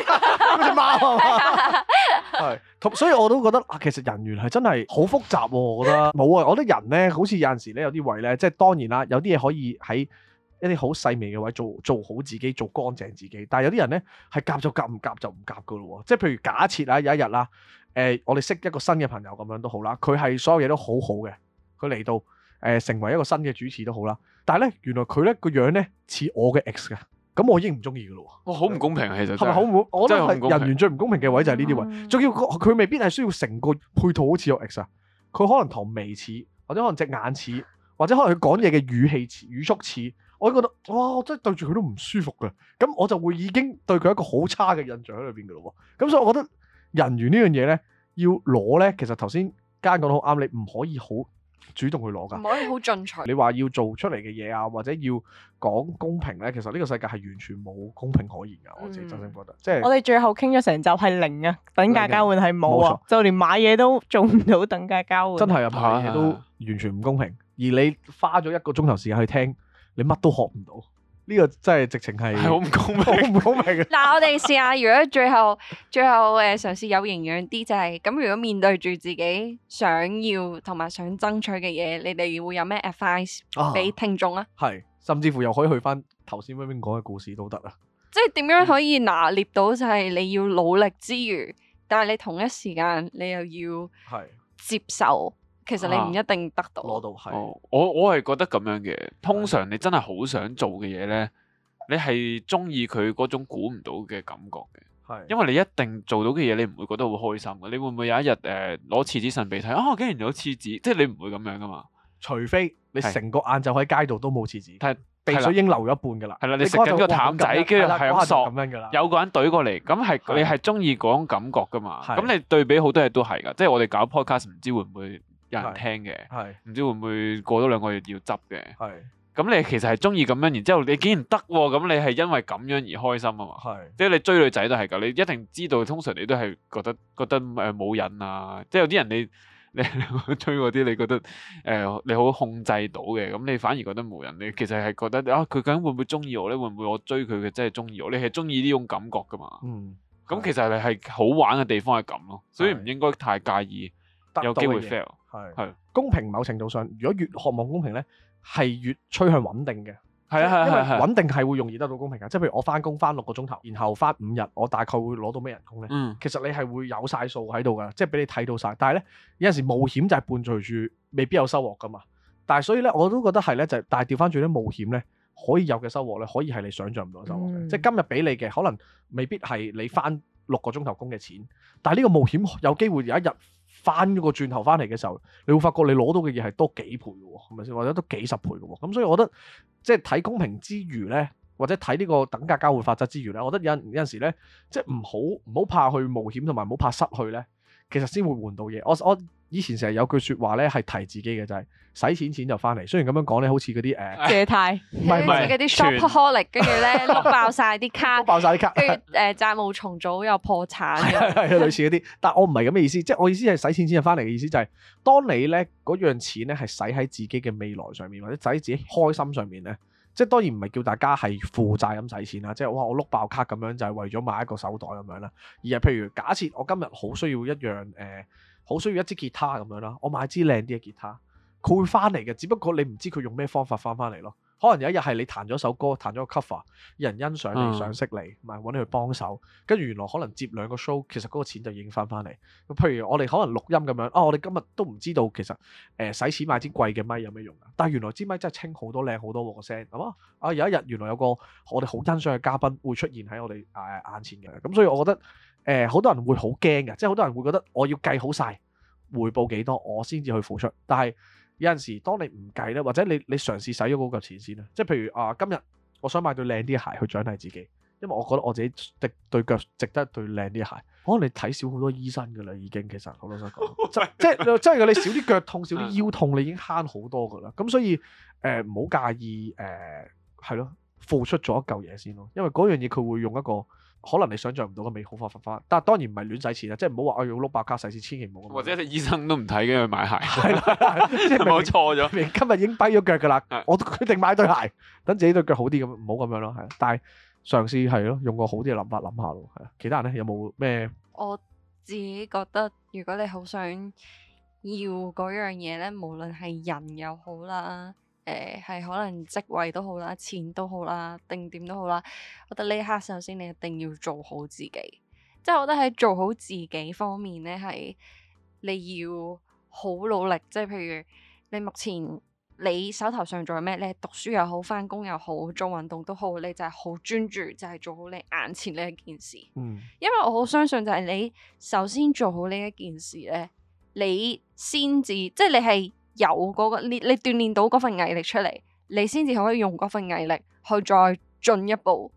隻貓係嘛？係，同所以我都覺得啊，其實人緣係真係好複雜喎。我覺得冇啊，我覺得人咧，好似有陣時咧，有啲位咧，即係當然啦，有啲嘢可以喺。一啲好細微嘅位做做好自己，做乾淨自己。但係有啲人呢，係夾就夾，唔夾就唔夾噶咯喎。即係譬如假設啊，有一日啊，誒、呃、我哋識一個新嘅朋友咁樣都好啦，佢係所有嘢都好好嘅，佢嚟到誒、呃、成為一個新嘅主持都好啦。但係呢，原來佢呢個樣呢，似我嘅 ex 嘅，咁我已經唔中意噶咯喎。哇，好唔公平、啊、其實係咪好唔公平？我都係人緣最唔公平嘅位就係呢啲位，仲、mm hmm. 要佢未必係需要成個配套好似我 ex 啊，佢可能頭眉似，或者可能隻眼似，或者可能佢講嘢嘅語氣似語速似。我覺得哇，我真係對住佢都唔舒服嘅，咁我就會已經對佢一個好差嘅印象喺裏邊嘅咯喎。咁所以我覺得人緣呢樣嘢呢，要攞呢。其實頭先嘉欣講得好啱，你唔可以好主動去攞噶，唔可以好進取。你話要做出嚟嘅嘢啊，或者要講公平呢？其實呢個世界係完全冇公平可言嘅。嗯、我自己真心覺得，即係我哋最後傾咗成集係零啊，等價交換係冇啊，錯就連買嘢都做唔到等價交換，真係啊，買嘢都完全唔公平。啊、而你花咗一個鐘頭時，時間去聽。你乜都學唔到，呢、這個真係直情係係好唔公平。嗱，我哋試下，如果最後最後誒嘗試有營養啲就係、是、咁。如果面對住自己想要同埋想爭取嘅嘢，你哋會有咩 advice 俾、啊、聽眾啊？係，甚至乎又可以去翻頭先 Wing 講嘅故事都得啊！嗯、即係點樣可以拿捏到？就係你要努力之餘，但係你同一時間你又要係接受。其實你唔一定得到攞到係，我我係覺得咁樣嘅。通常你真係好想做嘅嘢咧，你係中意佢嗰種估唔到嘅感覺嘅。係，因為你一定做到嘅嘢，你唔會覺得好開心嘅。你會唔會有一日誒攞廁紙信俾睇啊？我竟然有廁紙，即係你唔會咁樣噶嘛？除非你成個晏晝喺街度都冇廁紙，係鼻水應流一半噶啦，係啦，你食緊個淡仔，跟住係咁樣噶啦，有個人懟過嚟，咁係你係中意嗰種感覺噶嘛？咁你對比好多嘢都係噶，即係我哋搞 podcast 唔知會唔會？有人聽嘅，唔是知會唔會過多兩個月要執嘅。咁是你其實係中意咁樣，然之後你竟然得喎，咁你係因為咁樣而開心啊嘛？是即係你追女仔都係咁，你一定知道。通常你都係覺得覺得誒冇癮啊，即係有啲人你你，你 追嗰啲，你覺得誒、呃、你好控制到嘅，咁你反而覺得冇癮。你其實係覺得啊，佢究竟會唔會中意我咧？會唔會我追佢嘅真係中意我？你係中意呢種感覺噶嘛？咁、嗯、其實你係好玩嘅地方係咁咯，的所以唔應該太介意有機會 fail。係，是公平某程度上，如果越渴望公平咧，係越趨向穩定嘅。係係係，因為穩定係會容易得到公平嘅。即係譬如我翻工翻六個鐘頭，然後翻五日，我大概會攞到咩人工咧？嗯，其實你係會有晒數喺度嘅，即係俾你睇到晒。但係咧，有陣時冒險就係伴隨住未必有收穫噶嘛。但係所以咧，我都覺得係咧，就係但係調翻轉咧，冒險咧可以有嘅收穫咧，可以係你想象唔到嘅收穫。嗯，即係今日俾你嘅可能未必係你翻六個鐘頭工嘅錢，但係呢個冒險有機會有一日。翻嗰個轉頭翻嚟嘅時候，你會發覺你攞到嘅嘢係多幾倍嘅喎，係咪先？或者都幾十倍嘅喎。咁所以我覺得即係睇公平之餘呢，或者睇呢個等價交換法則之餘呢，我覺得有陣有陣時呢，即係唔好唔好怕去冒險，同埋唔好怕失去呢，其實先會換到嘢。我我。以前成日有句說話咧，係提自己嘅就係、是、使錢錢就翻嚟。雖然咁樣講咧，好似嗰啲誒借貸，唔係唔係嗰啲 shopaholic 跟住咧碌爆晒啲卡，碌爆曬啲卡，跟住誒債務重組又破產，係類似嗰啲。但我唔係咁嘅意思，即係我意思係使錢錢就翻嚟嘅意思就係、是，當你咧嗰樣錢咧係使喺自己嘅未來上面，或者使自己開心上面咧，即係當然唔係叫大家係負債咁使錢啦，即係哇我碌爆卡咁樣就係、是、為咗買一個手袋咁樣啦。而係譬如假設我今日好需要一樣誒。呃好需要一支吉他咁樣啦，我買支靚啲嘅吉他，佢會翻嚟嘅，只不過你唔知佢用咩方法翻翻嚟咯。可能有一日係你彈咗首歌，彈咗個 cover，有人欣賞你，想識你，咪揾你去幫手。跟住原來可能接兩個 show，其實嗰個錢就已經翻翻嚟。咁譬如我哋可能錄音咁樣，啊，我哋今日都唔知道其實誒使、呃、錢買支貴嘅咪有咩用啊，但係原來支咪真係清好多、靚好多個聲，係嘛？啊，有一日原來有個我哋好欣賞嘅嘉賓會出現喺我哋誒眼前嘅，咁所以我覺得。誒，好、呃、多人會好驚嘅，即係好多人會覺得我要計好晒，回報幾多，我先至去付出。但係有陣時，當你唔計呢，或者你你嘗試使咗嗰嚿錢先啦。即係譬如啊、呃，今日我想買對靚啲鞋去獎勵自己，因為我覺得我自己對對腳值得對靚啲鞋。可、哦、能你睇少好多醫生㗎啦，已經其實我都想講，即係即係你少啲腳痛，少啲腰痛，你已經慳好多㗎啦。咁、嗯、所以誒，唔、呃、好介意誒，係、呃、咯，付出咗一嚿嘢先咯，因為嗰樣嘢佢會用一個。.可能你想象唔到嘅美好化發翻，但係當然唔係亂使錢啦，即係唔好話我用六百卡使錢，千祈唔好。或者啲醫生都唔睇嘅，去買鞋。係啦 明，冇錯咗。今日已經跛咗腳噶啦， 我都決定買對鞋，等自己對腳好啲咁，唔好咁樣咯。係，但係嘗試係咯，用個好啲嘅諗法諗下咯。係，其他人咧，有冇咩？我自己覺得，如果你好想要嗰樣嘢咧，無論係人又好啦。誒，係可能職位都好啦，錢都好啦，定點都好啦，我覺得呢一刻首先你一定要做好自己，即係我覺得喺做好自己方面呢，係你要好努力，即係譬如你目前你手頭上做咩呢，你讀書又好，翻工又好，做運動都好，你就係好專注，就係做好你眼前呢一件事。嗯，因為我好相信就係你首先做好呢一件事呢，你先至即係你係。有嗰個你，你鍛鍊到嗰份毅力出嚟，你先至可以用嗰份毅力去再進一步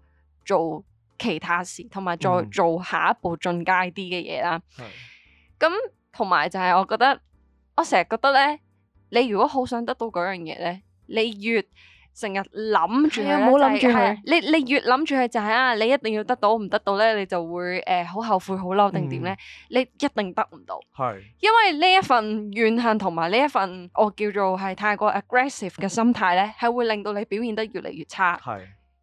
做其他事，同埋再做下一步進階啲嘅嘢啦。咁同埋就係我覺得，我成日覺得咧，你如果好想得到嗰樣嘢咧，你越成日諗住係啊，冇諗住佢。你你越諗住佢就係啊，你一定要得到，唔得到咧，你就會誒好、呃、後悔、好嬲定點咧。你一定得唔到，係是。因為呢一份怨恨同埋呢一份我叫做係太過 aggressive 嘅心態咧，係會令到你表現得越嚟越差。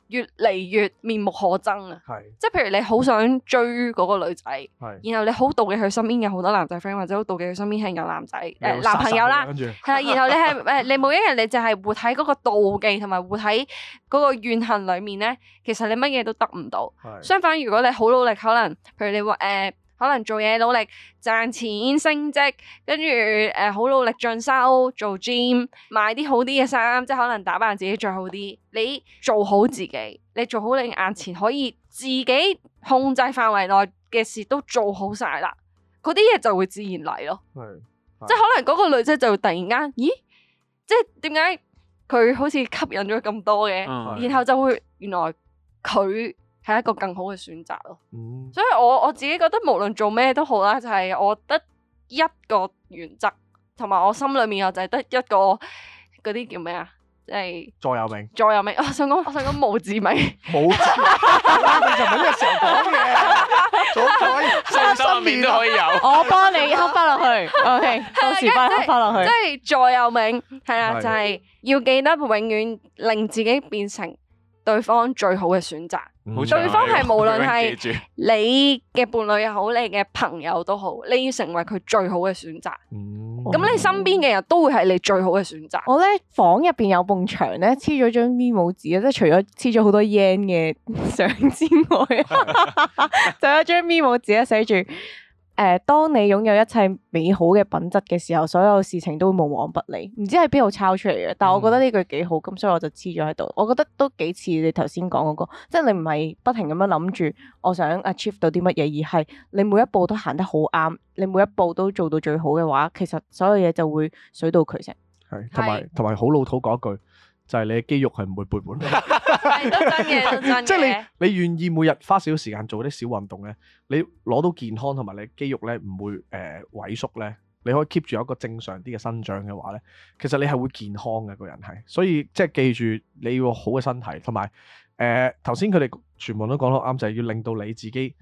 越嚟越面目可憎啊！是即係譬如你好想追嗰個女仔，是然後你好妒忌佢身邊有好多男仔 friend，或者好妒忌佢身邊係有男仔誒、呃、男朋友啦，係啦，然後你係誒 你每一日你就係活喺嗰個妒忌同埋活喺嗰個怨恨裏面咧，其實你乜嘢都得唔到。是相反，如果你好努力，可能譬如你話誒。呃可能做嘢努力賺錢升職，跟住誒好努力進修做 gym，買啲好啲嘅衫，即係可能打扮自己最好啲。你做好自己，你做好你眼前可以自己控制範圍內嘅事都做好晒啦，嗰啲嘢就會自然嚟咯。係，即係可能嗰個女仔就會突然間，咦，即係點解佢好似吸引咗咁多嘅，嗯、然後就會原來佢。係一個更好嘅選擇咯，所以我我自己覺得無論做咩都好啦，就係我得一個原則，同埋我心裏面我就係得一個嗰啲叫咩啊，即係座右銘，座右銘，我想講我想講無字銘，無字銘咩成功嘅，左心面都可以有，我幫你刻翻落去，OK，到時再刻翻落去，即係座右銘，係啦，就係要記得永遠令自己變成對方最好嘅選擇。嗯、對方係無論係你嘅伴侶又好，你嘅朋友都好，你要成為佢最好嘅選擇。咁、嗯、你身邊嘅人都會係你最好嘅選擇。嗯、我咧房入邊有埲牆咧，黐咗張 memo 紙啊，即係除咗黐咗好多 y 嘅相之外，就 有一張 memo 紙啊，寫住。誒、呃，當你擁有一切美好嘅品質嘅時候，所有事情都會無往不利。唔知喺邊度抄出嚟嘅，但係我覺得呢句幾好，咁所以我就黐咗喺度。我覺得都幾似你頭先講嗰個，即係你唔係不停咁樣諗住，我想 achieve 到啲乜嘢，而係你每一步都行得好啱，你每一步都做到最好嘅話，其實所有嘢就會水到渠成。係，同埋同埋好老土講一句，就係、是、你嘅肌肉係唔會背叛。 真，即係你你願意每日花少少時間做啲小運動咧，你攞到健康同埋你肌肉咧唔會誒、呃、萎縮咧，你可以 keep 住有一個正常啲嘅生長嘅話咧，其實你係會健康嘅個人係。所以即係記住你要好嘅身體同埋誒，頭先佢哋全部都講得啱，就係、是、要令到你自己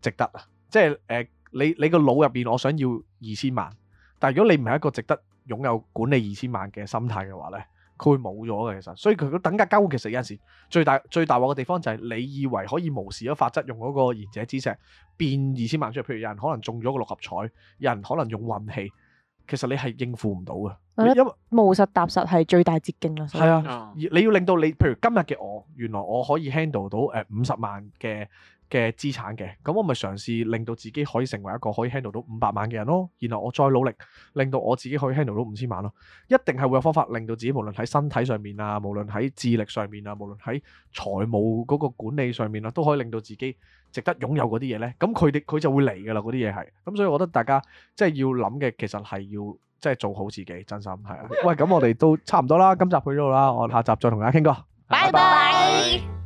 值得，即係誒、呃、你你個腦入邊我想要二千萬，但係如果你唔係一個值得擁有管理二千萬嘅心態嘅話咧。佢冇咗嘅，其實，所以佢等價交換其實有陣時最大最大話嘅地方就係，你以為可以無視咗法則，用嗰個賢者之石變二千萬出嚟，譬如有人可能中咗個六合彩，有人可能用運氣，其實你係應付唔到嘅，啊、因為無實踏實係最大捷徑啦。係啊，uh. 你要令到你，譬如今日嘅我，原來我可以 handle 到誒五十萬嘅。嘅資產嘅，咁我咪嘗試令到自己可以成為一個可以 handle 到五百萬嘅人咯，然後我再努力令到我自己可以 handle 到五千萬咯，一定係會有方法令到自己無論喺身體上面啊，無論喺智力上面啊，無論喺財務嗰個管理上面啊，都可以令到自己值得擁有嗰啲嘢呢。咁佢哋佢就會嚟噶啦，嗰啲嘢係。咁所以我覺得大家即係要諗嘅，其實係要即係做好自己，真心係啊。 喂，咁我哋都差唔多啦，今集去到啦，我下集再同大家傾過，拜拜。